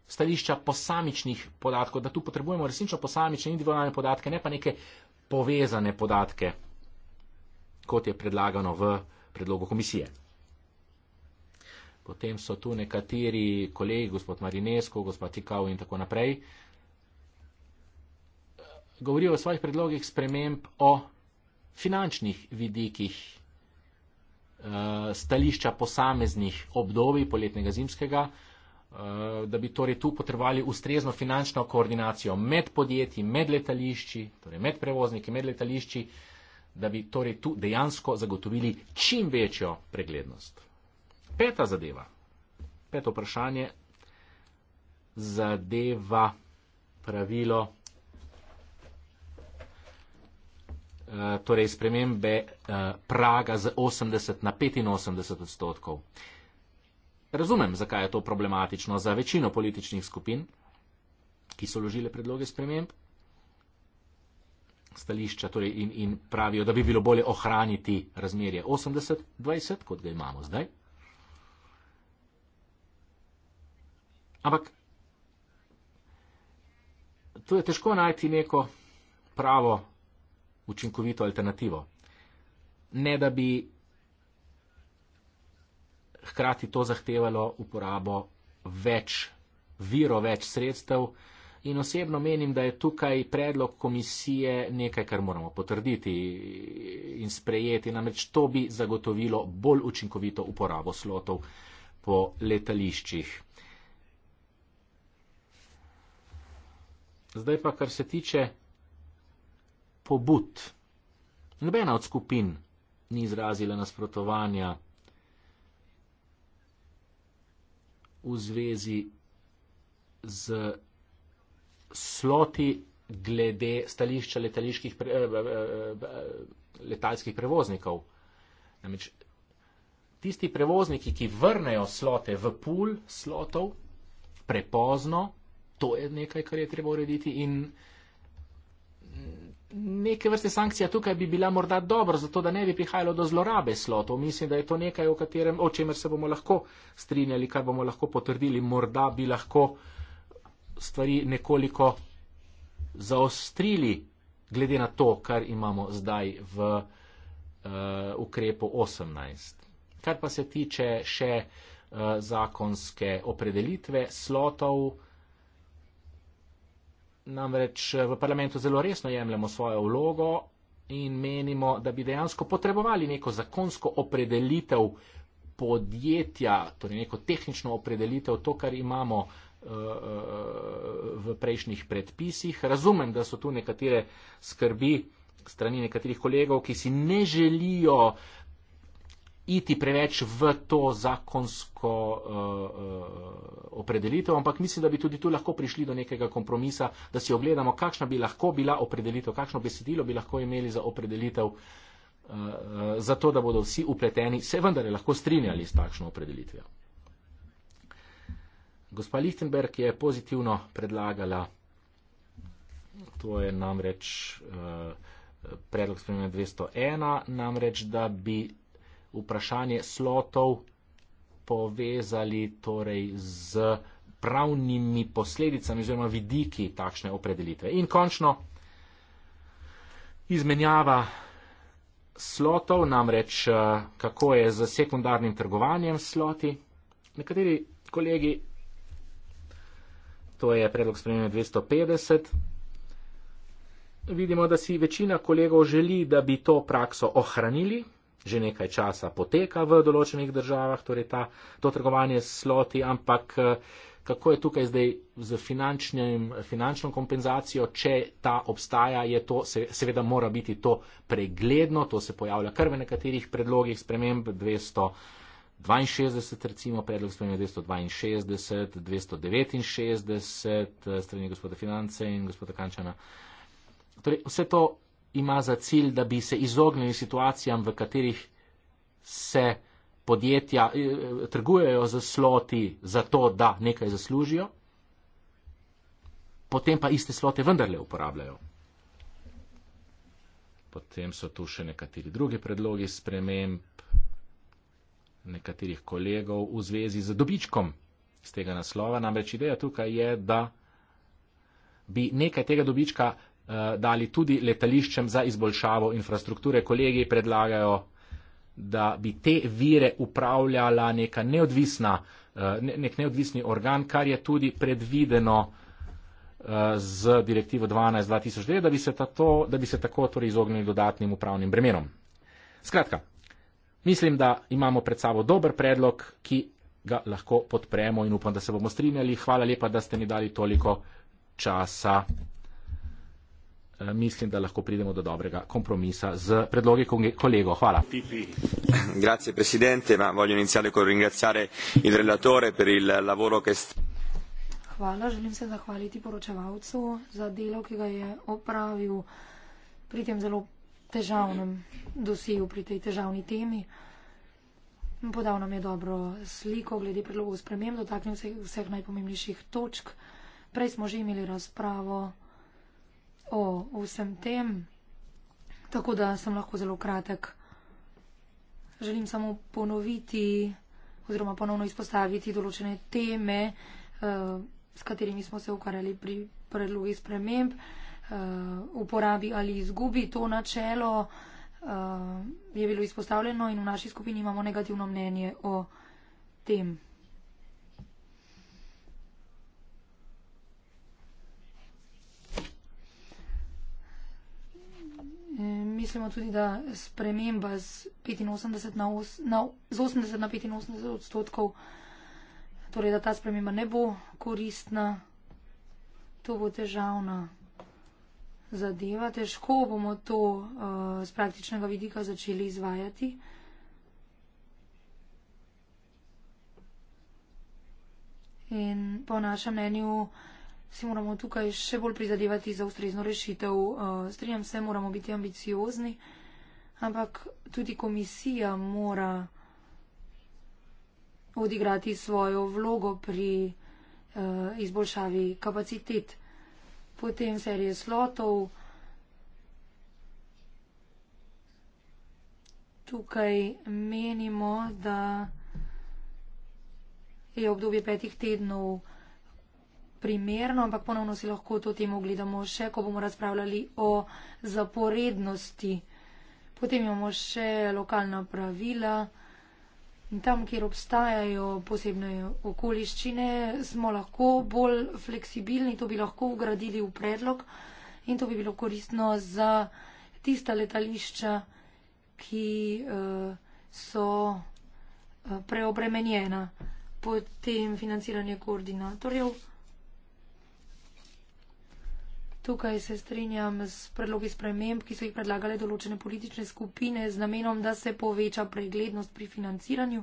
stališča posamičnih podatkov, da tu potrebujemo resnično posamične individualne podatke, ne pa neke povezane podatke, kot je predlagano v predlogu komisije. Potem so tu nekateri kolegi, gospod Marinesko, gospod Tikal in tako naprej, govorijo o svojih predlogih sprememb o finančnih vidikih eh, stališča posameznih obdobij poletnega zimskega, Eh, da bi torej tu potrebovali ustrezno finančno koordinacijo med podjetji, med letališči, torej med prevozniki, med letališči, da bi torej tu dejansko zagotovili čim večjo preglednost. Peta zadeva, peto vprašanje, zadeva pravilo, eh, torej spremembe eh, praga z 80 na 85 odstotkov. Razumem, zakaj je to problematično za večino političnih skupin, ki so ložile predloge sprememb stališča torej in, in pravijo, da bi bilo bolje ohraniti razmerje 80-20, kot ga imamo zdaj. Ampak tu je težko najti neko pravo, učinkovito alternativo. Ne da bi hkrati to zahtevalo uporabo več virov, več sredstev. In osebno menim, da je tukaj predlog komisije nekaj, kar moramo potrditi in sprejeti. Namreč to bi zagotovilo bolj učinkovito uporabo slotov po letališčih. Zdaj pa, kar se tiče pobud. Nobena od skupin ni izrazila nasprotovanja v zvezi z sloti glede stališča letaliških pre, eh, eh, eh, letalskih prevoznikov. Namreč tisti prevozniki, ki vrnejo slote v pul slotov prepozno, to je nekaj, kar je treba urediti in neke vrste sankcija tukaj bi bila morda dobra, zato da ne bi prihajalo do zlorabe slotov. Mislim, da je to nekaj, o, katerem, o čemer se bomo lahko strinjali, kar bomo lahko potrdili. Morda bi lahko stvari nekoliko zaostrili, glede na to, kar imamo zdaj v uh, ukrepu 18. Kar pa se tiče še uh, zakonske opredelitve slotov, Namreč eh, v parlamentu zelo resno jemljemo svojo vlogo in menimo, da bi dejansko potrebovali neko zakonsko opredelitev podjetja, torej neko tehnično opredelitev, to, kar imamo eh, eh, v prejšnjih predpisih. Razumem, da so tu nekatere skrbi strani nekaterih kolegov, ki si ne želijo uh, iti preveč v to zakonsko uh, uh, opredelitev, ampak mislim, da bi tudi tu lahko prišli do nekega kompromisa, da si ogledamo, kakšna bi lahko bila opredelitev, kakšno besedilo bi lahko imeli za opredelitev, uh, eh, uh, zato da bodo vsi upleteni, se vendar lahko strinjali s takšno opredelitvijo. Gospa Lichtenberg je pozitivno predlagala, to je namreč uh, predlog spremenja 201, namreč da bi vprašanje slotov povezali torej z pravnimi posledicami oziroma vidiki takšne opredelitve. In končno izmenjava slotov, namreč eh, kako je z sekundarnim trgovanjem sloti. Nekateri kolegi, to je predlog spremenja 250, vidimo, da si večina kolegov želi, da bi to prakso ohranili, že nekaj časa poteka v določenih državah, torej ta, to trgovanje s sloti, ampak eh, kako je tukaj zdaj z finančno kompenzacijo, če ta obstaja, je to, se, seveda mora biti to pregledno, to se pojavlja kar v nekaterih predlogih sprememb 200. 62, recimo, predlog spremenja 262, 269, strani gospoda finance in gospoda Kančana. Torej, vse to ima za cilj, da bi se izognili situacijam, v katerih se podjetja eh, trgujejo z sloti za to, da nekaj zaslužijo, potem pa iste slote vendarle uporabljajo. Potem so tu še nekateri drugi predlogi sprememb nekaterih kolegov v zvezi z dobičkom z tega naslova. Namreč ideja tukaj je, da bi nekaj tega dobička Eh, dali tudi letališčem za izboljšavo infrastrukture. Kolegi predlagajo, da bi te vire upravljala neka neodvisna, eh, nek neodvisni organ, kar je tudi predvideno eh, z direktivo 12.2009, da, da bi se tako torej izognili dodatnim upravnim bremenom. Skratka, mislim, da imamo pred sabo dober predlog, ki ga lahko podpremo in upam, da se bomo strinjali. Hvala lepa, da ste mi dali toliko časa. Eh, mislim, da lahko pridemo do dobrega kompromisa z predlogi kolego. Hvala. Grazie, presidente, ma voglio iniziare con ringraziare il relatore per il lavoro che. Hvala, želim se zahvaliti poročevalcu za delo, ki ga je opravil pri tem zelo težavnem dosiju, pri tej težavni temi. Podal nam je dobro sliko glede predlogov sprememb, dotaknil se vseh najpomembnejših točk. Prej smo že imeli razpravo o vsem tem, tako da sem lahko zelo kratek. Želim samo ponoviti oziroma ponovno izpostaviti določene teme, eh, s katerimi smo se ukvarjali pri predlogi sprememb, eh, uporabi ali izgubi to načelo. Eh, je bilo izpostavljeno in v naši skupini imamo negativno mnenje o tem. mislimo tudi, da sprememba z, 85 na os, na, z 80 na 85 odstotkov, torej da ta sprememba ne bo koristna, to bo težavna zadeva. Težko bomo to uh, z praktičnega vidika začeli izvajati. In po našem mnenju si moramo tukaj še bolj prizadevati za ustrezno rešitev. Eh, strinjam se, moramo biti ambiciozni, ampak tudi komisija mora odigrati svojo vlogo pri eh, izboljšavi kapacitet. Potem serije slotov. Tukaj menimo, da je obdobje petih tednov primerno, ampak ponovno si lahko to temo ogledamo še, ko bomo razpravljali o zaporednosti. Potem imamo še lokalna pravila in tam, kjer obstajajo posebne okoliščine, smo lahko bolj fleksibilni, to bi lahko ugradili v predlog in to bi bilo koristno za tista letališča, ki uh, so uh, preobremenjena. Potem financiranje koordinatorjev. Tukaj se strinjam s predlogi sprememb, ki so jih predlagale določene politične skupine z namenom, da se poveča preglednost pri financiranju.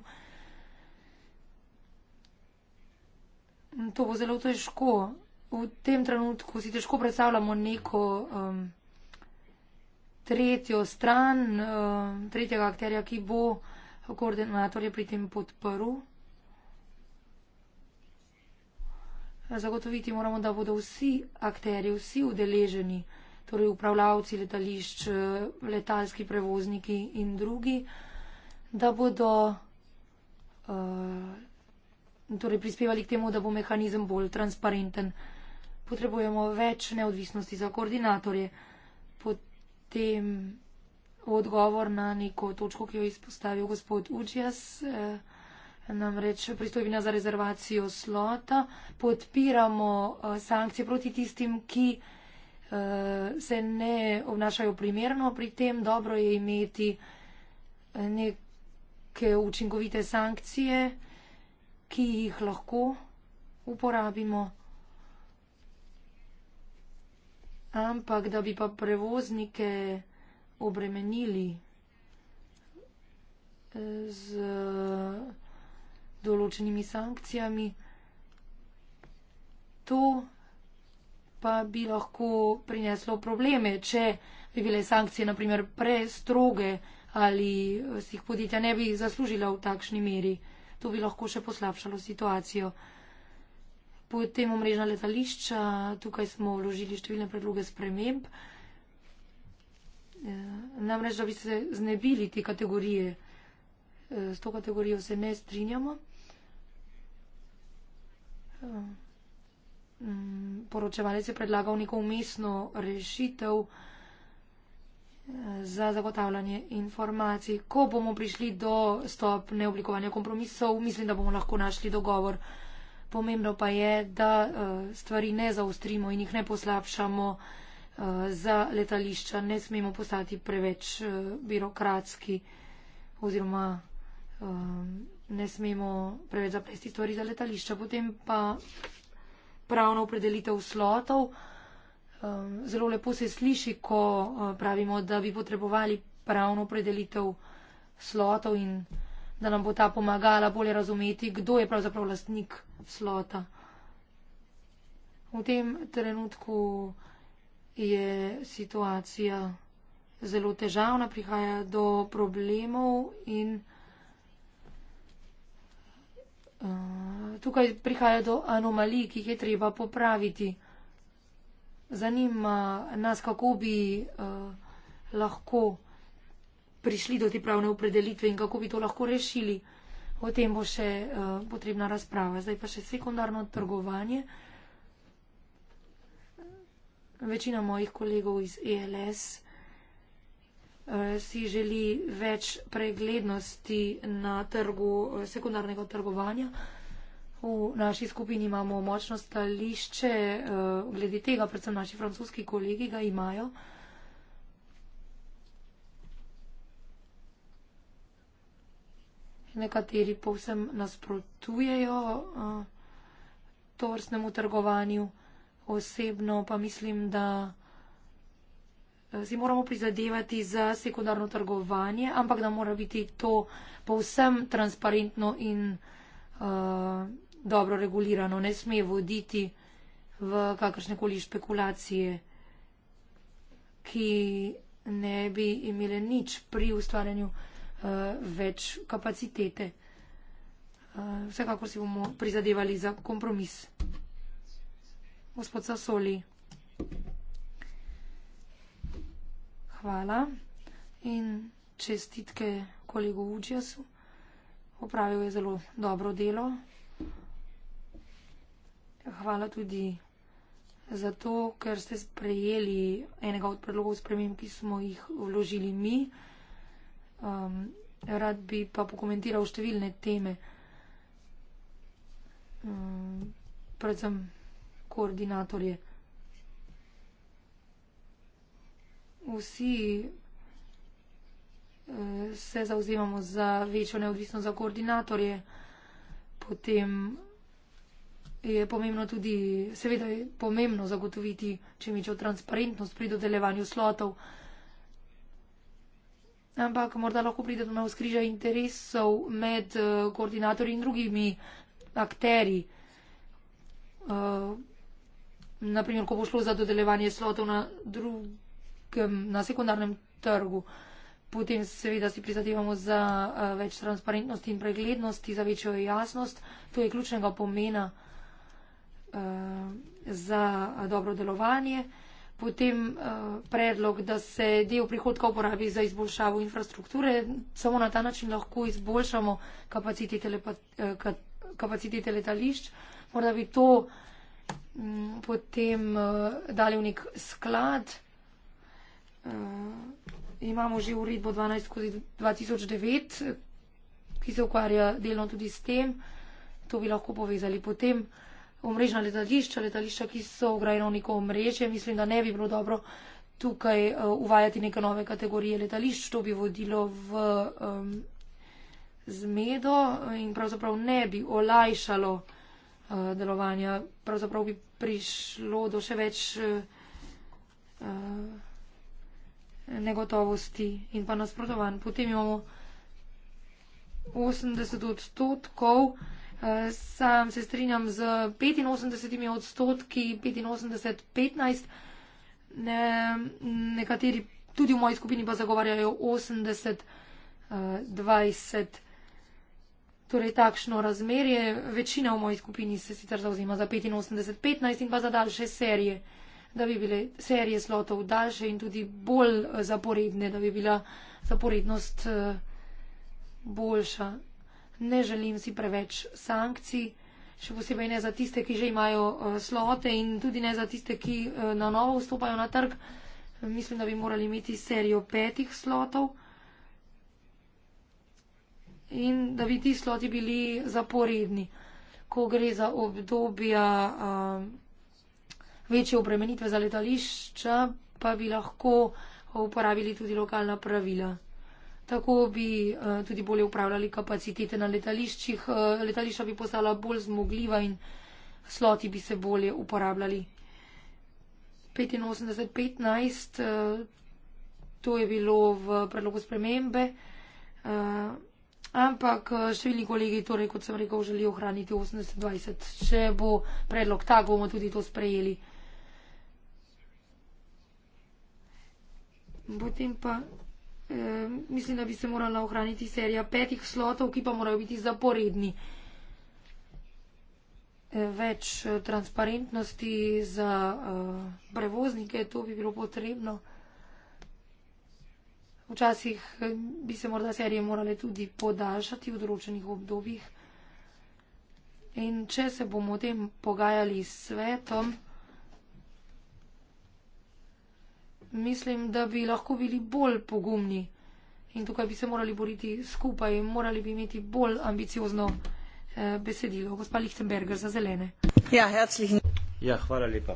To bo zelo težko. V tem trenutku si težko predstavljamo neko um, tretjo stran, um, tretjega akterja, ki bo koordinatorje pri tem podprl. zagotoviti moramo, da bodo vsi akteri, vsi udeleženi, torej upravljavci letališč, eh, letalski prevozniki in drugi, da bodo uh, torej prispevali k temu, da bo mehanizem bolj transparenten. Potrebujemo več neodvisnosti za koordinatorje. Potem odgovor na neko točko, ki jo je izpostavil gospod Učjas. Uh, eh, namreč pristojbina za rezervacijo slota, podpiramo eh, sankcije proti tistim, ki eh, se ne obnašajo primerno pri tem. Dobro je imeti eh, neke učinkovite sankcije, ki jih lahko uporabimo. Ampak, da bi pa prevoznike obremenili z določenimi sankcijami. To pa bi lahko prineslo probleme, če bi bile sankcije, naprimer, prestroge ali si jih podjetja ne bi zaslužila v takšni meri. To bi lahko še poslabšalo situacijo. Potem omrežna letališča, tukaj smo vložili številne predloge sprememb. Eh, namreč, da bi se znebili te kategorije. Eh, s to kategorijo se ne strinjamo um, poročevalec je predlagal neko umestno rešitev eh, za zagotavljanje informacij. Ko bomo prišli do stopne oblikovanja kompromisov, mislim, da bomo lahko našli dogovor. Pomembno pa je, da uh, stvari ne zaostrimo in jih ne poslabšamo uh, za letališča. Ne smemo postati preveč uh, birokratski oziroma. Um, ne smemo preveč zaplesti stvari za letališča. Potem pa pravno opredelitev slotov. Zelo lepo se sliši, ko eh, pravimo, da bi potrebovali pravno opredelitev slotov in da nam bo ta pomagala bolje razumeti, kdo je pravzaprav lastnik slota. V tem trenutku je situacija zelo težavna, prihaja do problemov in. Eh, tukaj prihaja do anomalij, ki jih je treba popraviti. Zanima nas, kako bi uh, lahko prišli do te pravne opredelitve in kako bi to lahko rešili. O tem bo še uh, potrebna razprava. Zdaj pa še sekundarno trgovanje. Večina mojih kolegov iz ELS si želi več preglednosti na trgu eh, sekundarnega trgovanja. V naši skupini imamo močno stališče eh, glede tega, predvsem naši francoski kolegi ga imajo. Nekateri povsem nasprotujejo uh, tovrstnemu trgovanju, osebno pa mislim, da Eh, si moramo prizadevati za sekundarno trgovanje, ampak da mora biti to povsem transparentno in uh, dobro regulirano. Ne sme voditi v kakršnekoli špekulacije, ki ne bi imele nič pri ustvarjanju uh, več kapacitete. Uh, vsekakor si bomo prizadevali za kompromis. Gospod Sasoli. Thank you. Hvala in čestitke kolegu Uđjasu. Opravil je zelo dobro delo. Hvala tudi za to, ker ste sprejeli enega od predlogov sprememb, ki smo jih vložili mi. Um, rad bi pa pokomentiral številne teme, um, predvsem koordinatorje. vsi eh, se zauzemamo za večjo neodvisnost za koordinatorje, potem je pomembno tudi, seveda je pomembno zagotoviti čim večjo transparentnost pri dodelevanju slotov. Ampak morda lahko pride do navskrižja interesov med eh, koordinatorji in drugimi akteri. Eh, Naprimer, ko bo šlo za dodelevanje slotov na drugi nekem, na sekundarnem trgu. Potem seveda si prizadevamo za uh, več transparentnosti in preglednosti, za večjo jasnost. To je ključnega pomena uh, za dobro delovanje. Potem uh, predlog, da se del prihodka uporabi za izboljšavo infrastrukture. Samo na ta način lahko izboljšamo kapacitete, lepa, kapacitete letališč. Morda bi to m, mm, potem uh, dali v nek sklad. Uh, uh, imamo že uredbo 12 skozi 2009, ki se ukvarja delno tudi s tem. To bi lahko povezali potem. Omrežna letališča, letališča, ki so ugrajena v neko omrežje, mislim, da ne bi bilo dobro tukaj uh, uvajati neke nove kategorije letališč, to bi vodilo v um, zmedo in pravzaprav ne bi olajšalo uh, delovanja, pravzaprav bi prišlo do še več. Uh, uh, negotovosti in pa nasprotovanj. Potem imamo 80 odstotkov, eh, sam se strinjam z 85 odstotki, 85-15, ne, nekateri tudi v moji skupini pa zagovarjajo 80-20. Eh, torej takšno razmerje, večina v moji skupini se sicer zauzima za 85-15 in pa za daljše serije da bi bile serije slotov daljše in tudi bolj eh, zaporedne, da bi bila zaporednost eh, boljša. Ne želim si preveč sankcij, še posebej ne za tiste, ki že imajo eh, slote in tudi ne za tiste, ki na novo vstopajo na trg. Mislim, da bi morali imeti serijo petih slotov in da bi ti sloti bili zaporedni. Ko gre za obdobja. Um, večje obremenitve za letališča, pa bi lahko uporabili tudi lokalna pravila. Tako bi eh, tudi bolje upravljali kapacitete na letališčih, eh, letališča bi postala bolj zmogljiva in sloti bi se bolje uporabljali. 85-15, eh, to je bilo v predlogu spremembe, ampak številni kolegi, torej kot sem rekel, želijo ohraniti 80-20. Če bo predlog tak, bomo tudi to sprejeli. Potem pa eh, mislim, da bi se morala ohraniti serija petih slotov, ki pa morajo biti zaporedni. Eh, več eh, transparentnosti za eh, prevoznike, to bi bilo potrebno. Včasih eh, bi se morda serije morale tudi podaljšati v določenih obdobjih. In če se bomo o tem pogajali s svetom. mislim, da bi lahko bili bolj pogumni in tukaj bi se morali boriti skupaj in morali bi imeti bolj ambiciozno eh, besedilo. Gospa Lichtenberger za zelene. Ja, herzlich. Ja, hvala lepa.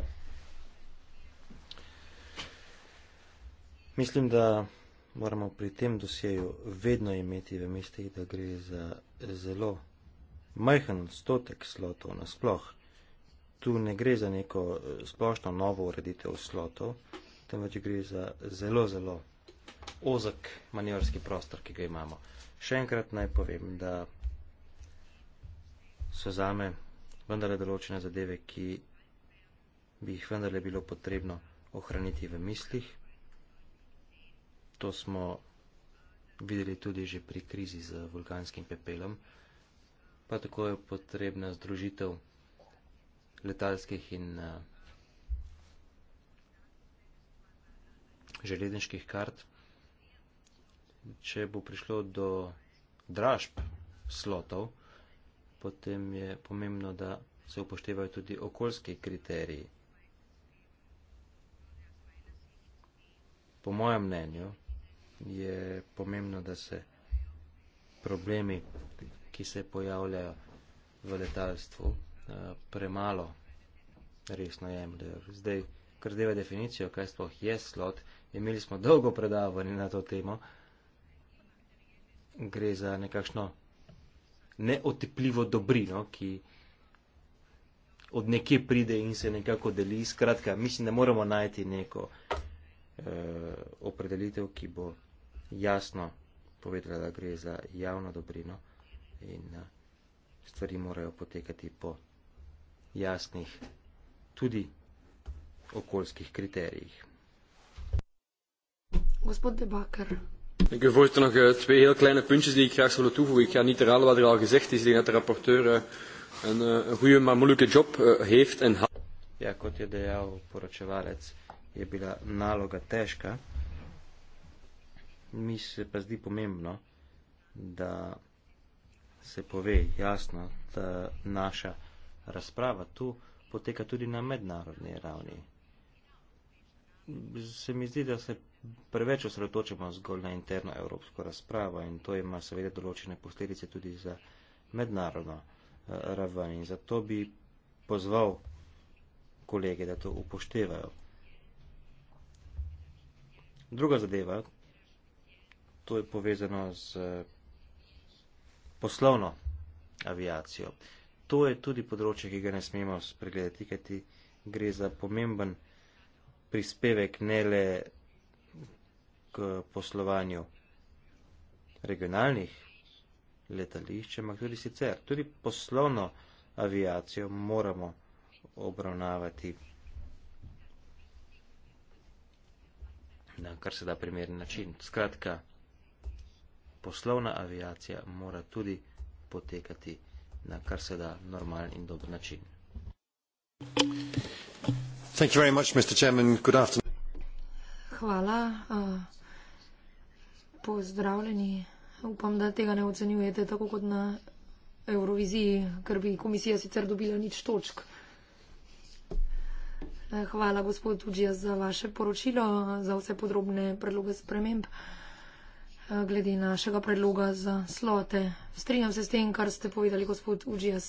Mislim, da moramo pri tem dosjeju vedno imeti v mislih, da gre za zelo majhen odstotek slotov nasploh. Tu ne gre za neko eh, splošno novo ureditev slotov, temveč gre za zelo, zelo ozek manjorski prostor, ki ga imamo. Še enkrat naj povem, da so zame vendarle določene zadeve, ki bi jih vendarle bilo potrebno ohraniti v mislih. To smo videli tudi že pri krizi z vulkanskim pepelom, pa tako je potrebna združitev letalskih in uh, železniških kart, če bo prišlo do dražb slotov, potem je pomembno, da se upoštevajo tudi okoljski kriteriji. Po mojem mnenju je pomembno, da se problemi, ki se pojavljajo v letalstvu, eh, premalo resno jemljajo. Zdaj, kar zdaj definicijo, kaj sploh je slot, imeli smo dolgo predavanje na to temo. Gre za nekakšno neotepljivo dobrino, ki od nekje pride in se nekako deli. Skratka, mislim, da moramo najti neko eh, opredelitev, ki bo jasno povedala, da gre za javno dobrino in eh, stvari morajo potekati po jasnih tudi okoljskih kriterijih. Gospod De Bakker. Ik heb voorzitter nog eh, twee heel kleine puntjes die ik graag zou toevoegen. Ik ga niet herhalen wat er al gezegd is. Ik denk dat de rapporteur eh, een, eh, een goede maar moeilijke job heeft en had. Ja, kot je dejal, poročevalec, je bila naloga težka. Mi se pa zdi pomembno, da se pove jasno, da naša razprava tu poteka tudi na mednarodni ravni. Se mi zdi, da se preveč osredotočamo zgolj na interno evropsko razpravo in to ima seveda določene posledice tudi za mednarodno eh, raven in zato bi pozval kolege, da to upoštevajo. Druga zadeva, to je povezano z eh, poslovno aviacijo. To je tudi področje, ki ga ne smemo spregledati, kajti gre za pomemben prispevek ne le k poslovanju regionalnih letališč, ampak tudi sicer. Tudi poslovno aviacijo moramo obravnavati na kar se da primeren način. Skratka, poslovna aviacija mora tudi potekati na kar se da normalen in dober način. Thank you very much, Mr. Chairman. Good afternoon. Hvala. Uh pozdravljeni. Upam, da tega ne ocenjujete tako kot na Euroviziji, ker bi komisija sicer dobila nič točk. Eh, hvala, gospod Tudžija, za vaše poročilo, za vse podrobne predloge sprememb eh, glede našega predloga za slote. Strinjam se s tem, kar ste povedali, gospod Tudžija.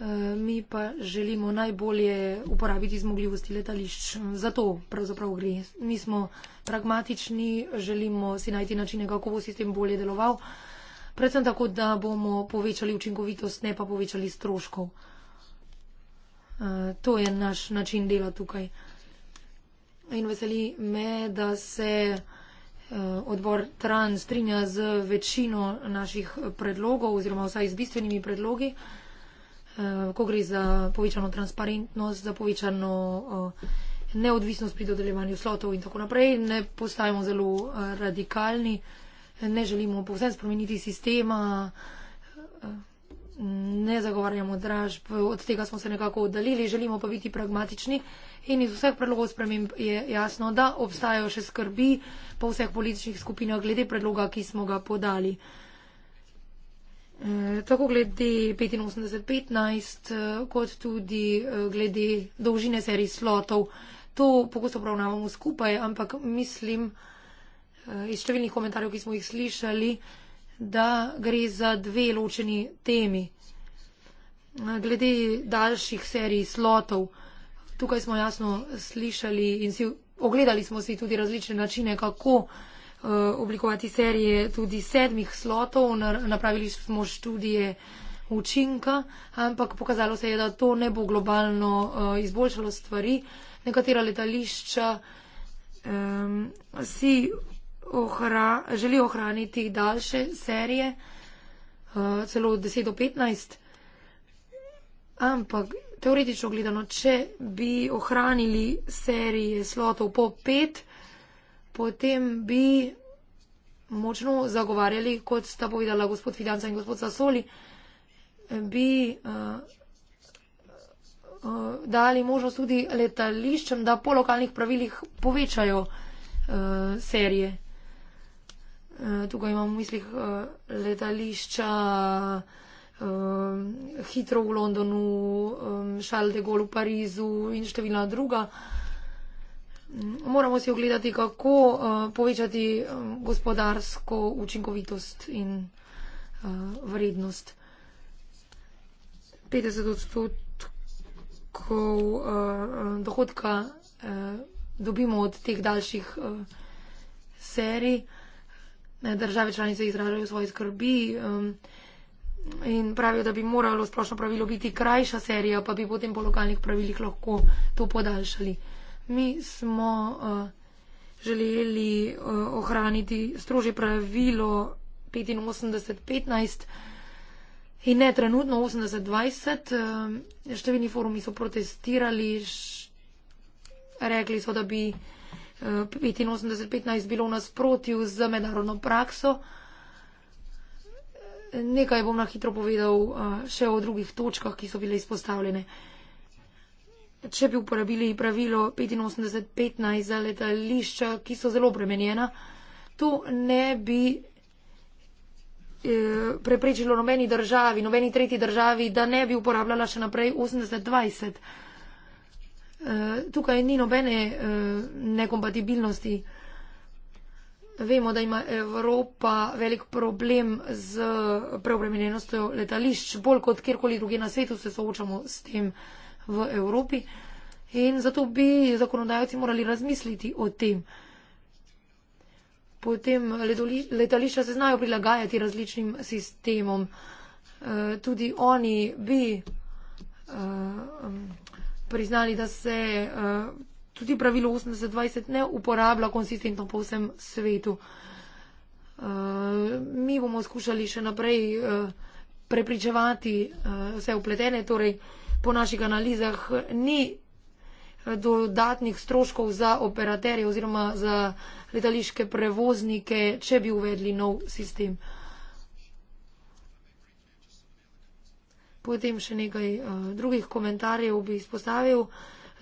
Eh, mi pa želimo najbolje uporabiti zmogljivosti letališč. Zato pravzaprav gre. Mi smo pragmatični, želimo si najti načine, kako bo sistem bolje deloval. Predvsem tako, da bomo povečali učinkovitost, ne pa povečali stroškov. Eh, to je naš način dela tukaj. In veseli me, da se eh, odbor Tran strinja z večino naših predlogov oziroma vsaj z bistvenimi predlogi. Eh, ko gre za povečano transparentnost, za povečano eh, neodvisnost pri dodeljevanju slotov in tako naprej. Ne postajamo zelo eh, radikalni, ne želimo povsem spremeniti sistema, ne zagovarjamo dražb, od tega smo se nekako oddalili, želimo pa biti pragmatični in iz vseh predlogov sprememb je jasno, da obstajajo še skrbi po vseh političnih skupinah glede predloga, ki smo ga podali. Eh, tako glede 85-15, eh, kot tudi eh, glede dolžine serij slotov. To pogosto obravnavamo skupaj, ampak mislim iz številnih komentarjev, ki smo jih slišali, da gre za dve ločeni temi. Glede daljših serij slotov, tukaj smo jasno slišali in si, ogledali smo si tudi različne načine, kako uh, Eh, oblikovati serije tudi sedmih slotov, napravili smo študije učinka, ampak pokazalo se je, da to ne bo globalno eh, izboljšalo stvari. Nekatera letališča um, si ohra, želijo ohraniti daljše serije, uh, celo 10 do 15, ampak teoretično gledano, če bi ohranili serije slotov po 5, potem bi močno zagovarjali, kot sta povedala gospod Fidanca in gospod Sasoli, bi uh, uh, dali možnost tudi letališčem, da po lokalnih pravilih povečajo uh, serije. Uh, tukaj imam v mislih uh, letališča uh, hitro v Londonu, um, Charles de Gaulle v Parizu in številna druga. Uh, moramo si ogledati, kako uh, povečati uh, gospodarsko učinkovitost in uh, vrednost. 50 odstotkov uh, dohodka uh, dobimo od teh daljših uh, serij. Države članice izražajo svoje skrbi um, in pravijo, da bi moralo splošno pravilo biti krajša serija, pa bi potem po lokalnih pravilih lahko to podaljšali. Mi smo uh, želeli uh, ohraniti strože pravilo 85-15 in ne trenutno 80-20. Uh, eh, številni forumi so protestirali, š, rekli so, da bi uh, 85-15 bilo v nasprotju z mednarodno prakso. Nekaj bom na hitro povedal uh, še o drugih točkah, ki so bile izpostavljene. Uh, če bi uporabili pravilo 85-15 za letališča, ki so zelo obremenjena, to ne bi eh, preprečilo nobeni državi, nobeni tretji državi, da ne bi uporabljala še naprej 80-20. Eh, tukaj ni nobene eh, nekompatibilnosti. Vemo, da ima Evropa velik problem z preobremenjenostjo letališč, bolj kot kjerkoli druge na svetu se soočamo s tem v Evropi in zato bi zakonodajci morali razmisliti o tem. Potem letališča se znajo prilagajati različnim sistemom. Eh, tudi oni bi eh, priznali, da se eh, tudi pravilo 80-20 ne uporablja konsistentno po vsem svetu. Mi bomo skušali še naprej prepričevati vse upletene, torej po naših analizah ni eh, dodatnih stroškov za operaterje oziroma za letališke prevoznike, če bi uvedli nov sistem. Potem še nekaj uh, drugih komentarjev bi izpostavil.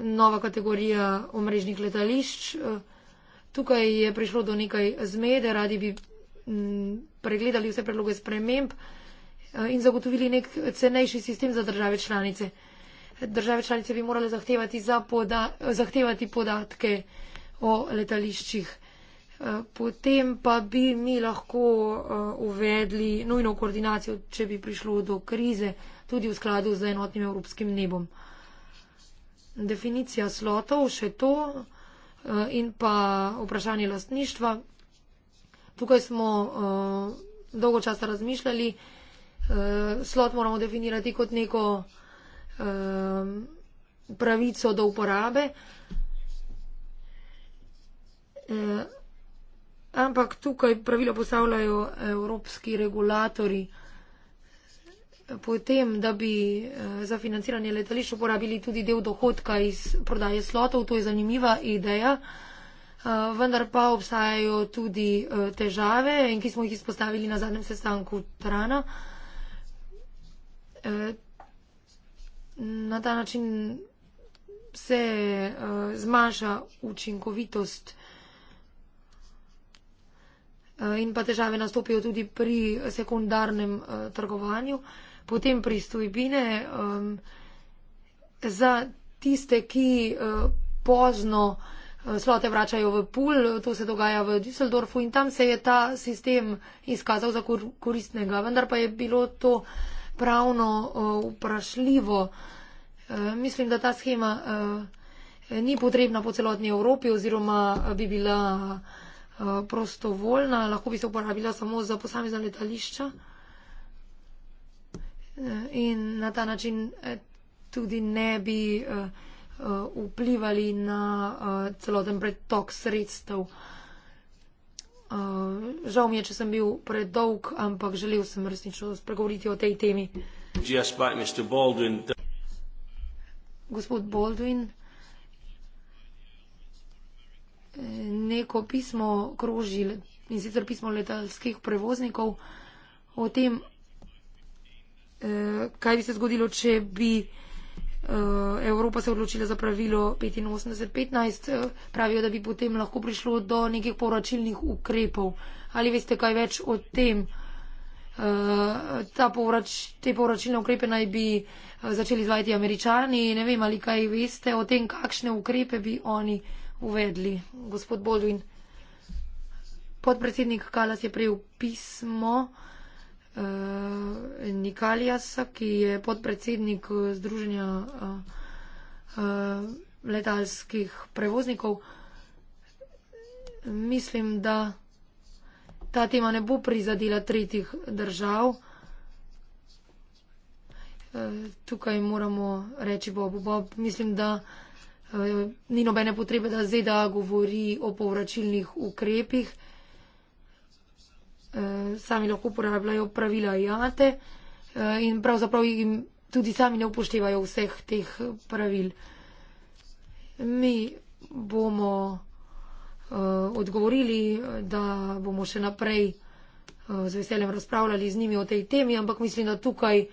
Nova kategorija omrežnih letališč. Eh, tukaj je prišlo do nekaj zmede, radi bi mm, pregledali vse predloge sprememb in zagotovili nek cenejši sistem za države članice države članice bi morale zahtevati, poda, zahtevati podatke o letališčih. Eh, potem pa bi mi lahko eh, uvedli nujno koordinacijo, če bi prišlo do krize, tudi v skladu z enotnim evropskim nebom. Definicija slotov, še to eh, in pa vprašanje lastništva. Tukaj smo dolgo časa razmišljali, slot moramo definirati kot neko um, pravico do uporabe. Eh, ampak tukaj pravilo postavljajo evropski regulatori potem, da bi eh, za financiranje letališč uporabili tudi del dohodka iz prodaje slotov. To je zanimiva ideja, eh, vendar pa obstajajo tudi eh, težave in ki smo jih izpostavili na zadnjem sestanku Trana. Eh, na ta način se eh, zmanjša učinkovitost eh, in pa težave nastopijo tudi pri sekundarnem eh, trgovanju. Potem pristojbine za tiste, ki pozno slote vračajo v pul, to se dogaja v Düsseldorfu in tam se je ta sistem izkazal za koristnega, vendar pa je bilo to pravno uh, vprašljivo. Uh, mislim, da ta schema uh, ni potrebna po celotni Evropi oziroma bi bila uh, prostovoljna, lahko bi se uporabila samo za posamezna letališča. In na ta način tudi ne bi uh, uh, vplivali na uh, celoten pretok sredstev. Uh, Uh, žal mi je, če sem bil predolg, ampak želel sem resnično spregovoriti o tej temi. Baldwin, the... Gospod Baldwin, neko pismo kroži in sicer pismo letalskih prevoznikov o tem, uh, kaj bi se zgodilo, če bi uh, Eh, Evropa se je odločila za pravilo 85-15, eh, pravijo, da bi potem lahko prišlo do nekih poračilnih ukrepov. Ali veste kaj več o tem? Eh, povrač, te poračilne ukrepe naj bi začeli izvajati američani. Ne vem, ali kaj veste o tem, kakšne ukrepe bi oni uvedli. Gospod Bodvin, podpredsednik Kalas je prejel pismo. Uh, uh, eh, Nikaljasa, ki je podpredsednik eh, Združenja uh, uh, letalskih prevoznikov. Mislim, da ta tema ne bo prizadela tretjih držav. Tukaj moramo reči, bo, bo, mislim, da ni nobene potrebe, da ZDA govori o povračilnih ukrepih eh, sami lahko uporabljajo pravila IATE eh, in pravzaprav jim tudi sami ne upoštevajo vseh teh pravil. Mi bomo eh, odgovorili, da bomo še naprej eh, z veseljem razpravljali z njimi o tej temi, ampak mislim, da tukaj eh,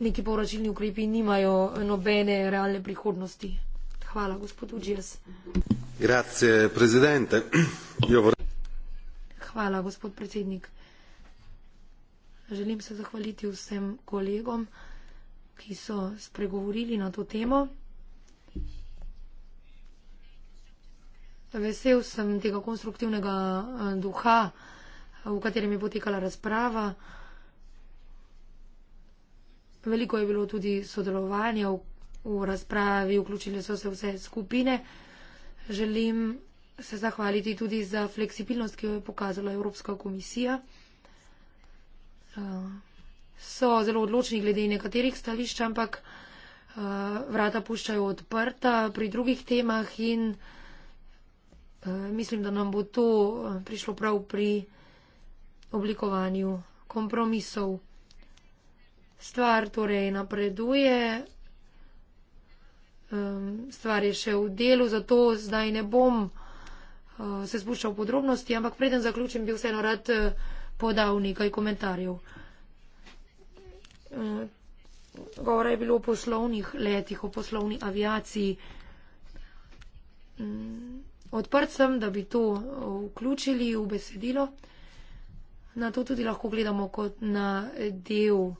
neki povračilni ukrepi nimajo nobene realne prihodnosti. Hvala, gospod Uđijas. Hvala, gospod predsednik. Želim se zahvaliti vsem kolegom, ki so spregovorili na to temo. Vesel sem tega konstruktivnega eh, duha, v katerem je potekala razprava. Veliko je bilo tudi sodelovanja v, v razpravi, vključile so se vse skupine. Želim se zahvaliti tudi za fleksibilnost, ki jo je pokazala Evropska komisija. Eh, so zelo odločni glede nekaterih stališč, ampak eh, vrata puščajo odprta pri drugih temah in eh, mislim, da nam bo to prišlo prav pri oblikovanju kompromisov. Stvar torej napreduje, stvar je še v delu, zato zdaj ne bom. Eh, se spušča v podrobnosti, ampak preden zaključim, bi vseeno rad eh, podal nekaj komentarjev. Eh, govora je bilo o poslovnih letih, o poslovni aviaciji. Mm, odprt sem, da bi to vključili v besedilo. Na to tudi lahko gledamo kot na del uh,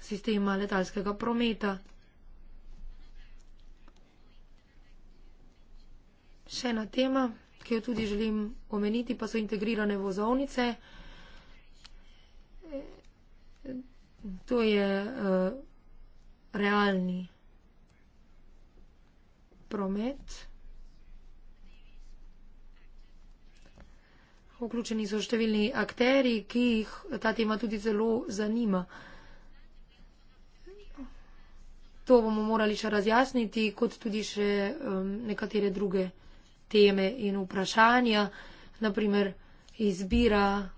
sistema letalskega prometa. Še ena tema, ki jo tudi želim omeniti, pa so integrirane vozovnice. To je uh, realni promet. Vključeni so številni akteri, ki jih ta tema tudi zelo zanima. To bomo morali še razjasniti, kot tudi še um, nekatere druge teme in vprašanja, naprimer izbira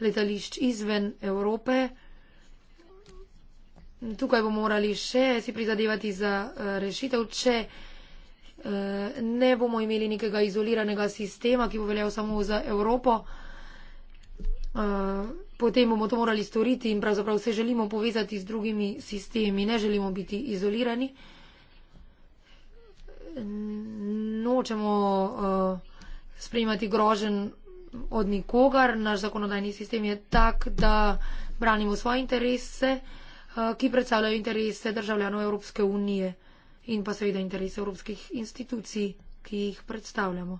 letališč izven Evrope. Tukaj bomo morali še si prizadevati za eh, rešitev, če eh, ne bomo imeli nekega izoliranega sistema, ki bo veljal samo za Evropo. Eh, potem bomo to morali storiti in pravzaprav se želimo povezati z drugimi sistemi, ne želimo biti izolirani nočemo uh, sprejemati grožen od nikogar. Naš zakonodajni sistem je tak, da branimo svoje interese, uh, ki predstavljajo interese državljanov Evropske unije in pa seveda interese evropskih institucij, ki jih predstavljamo.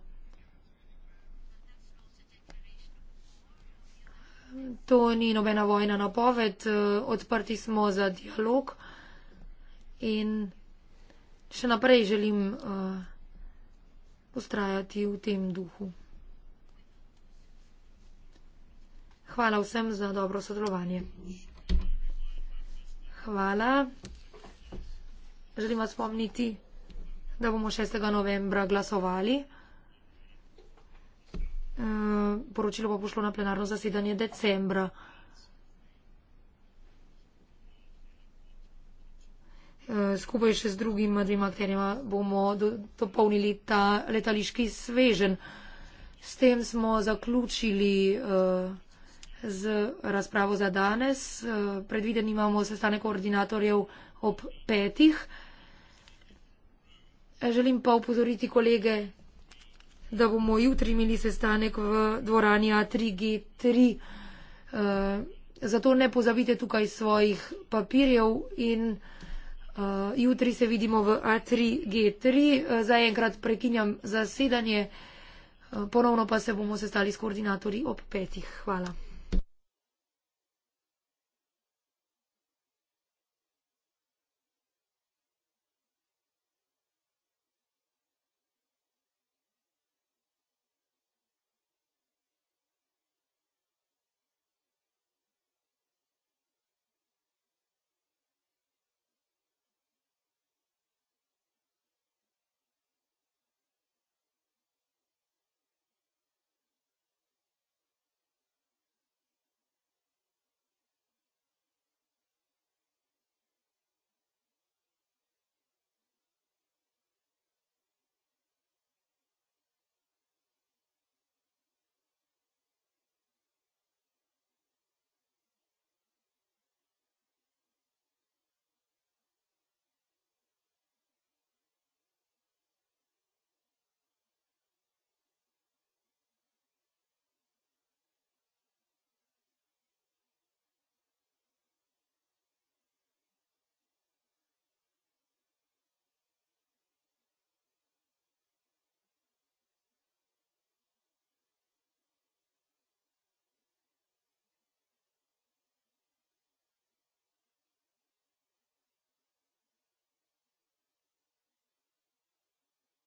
To ni nobena vojna napoved, eh, odprti smo za dialog in še naprej želim uh, eh, ustrajati v tem duhu. Hvala vsem za dobro sodelovanje. Hvala. Želim vas spomniti, da bomo 6. novembra glasovali. Eh, poročilo bo pošlo na plenarno zasedanje decembra. skupaj še z drugima dvema akterjema bomo dopolnili ta letališki svežen. S tem smo zaključili eh, z razpravo za danes. Eh, predviden imamo sestanek koordinatorjev ob petih. Želim pa upozoriti kolege, da bomo jutri imeli sestanek v dvorani A3G3. Eh, zato ne pozabite tukaj svojih papirjev in Uh, jutri se vidimo v A3G3. Uh, zaenkrat prekinjam zasedanje, uh, ponovno pa se bomo sestali s koordinatorji ob petih. Hvala.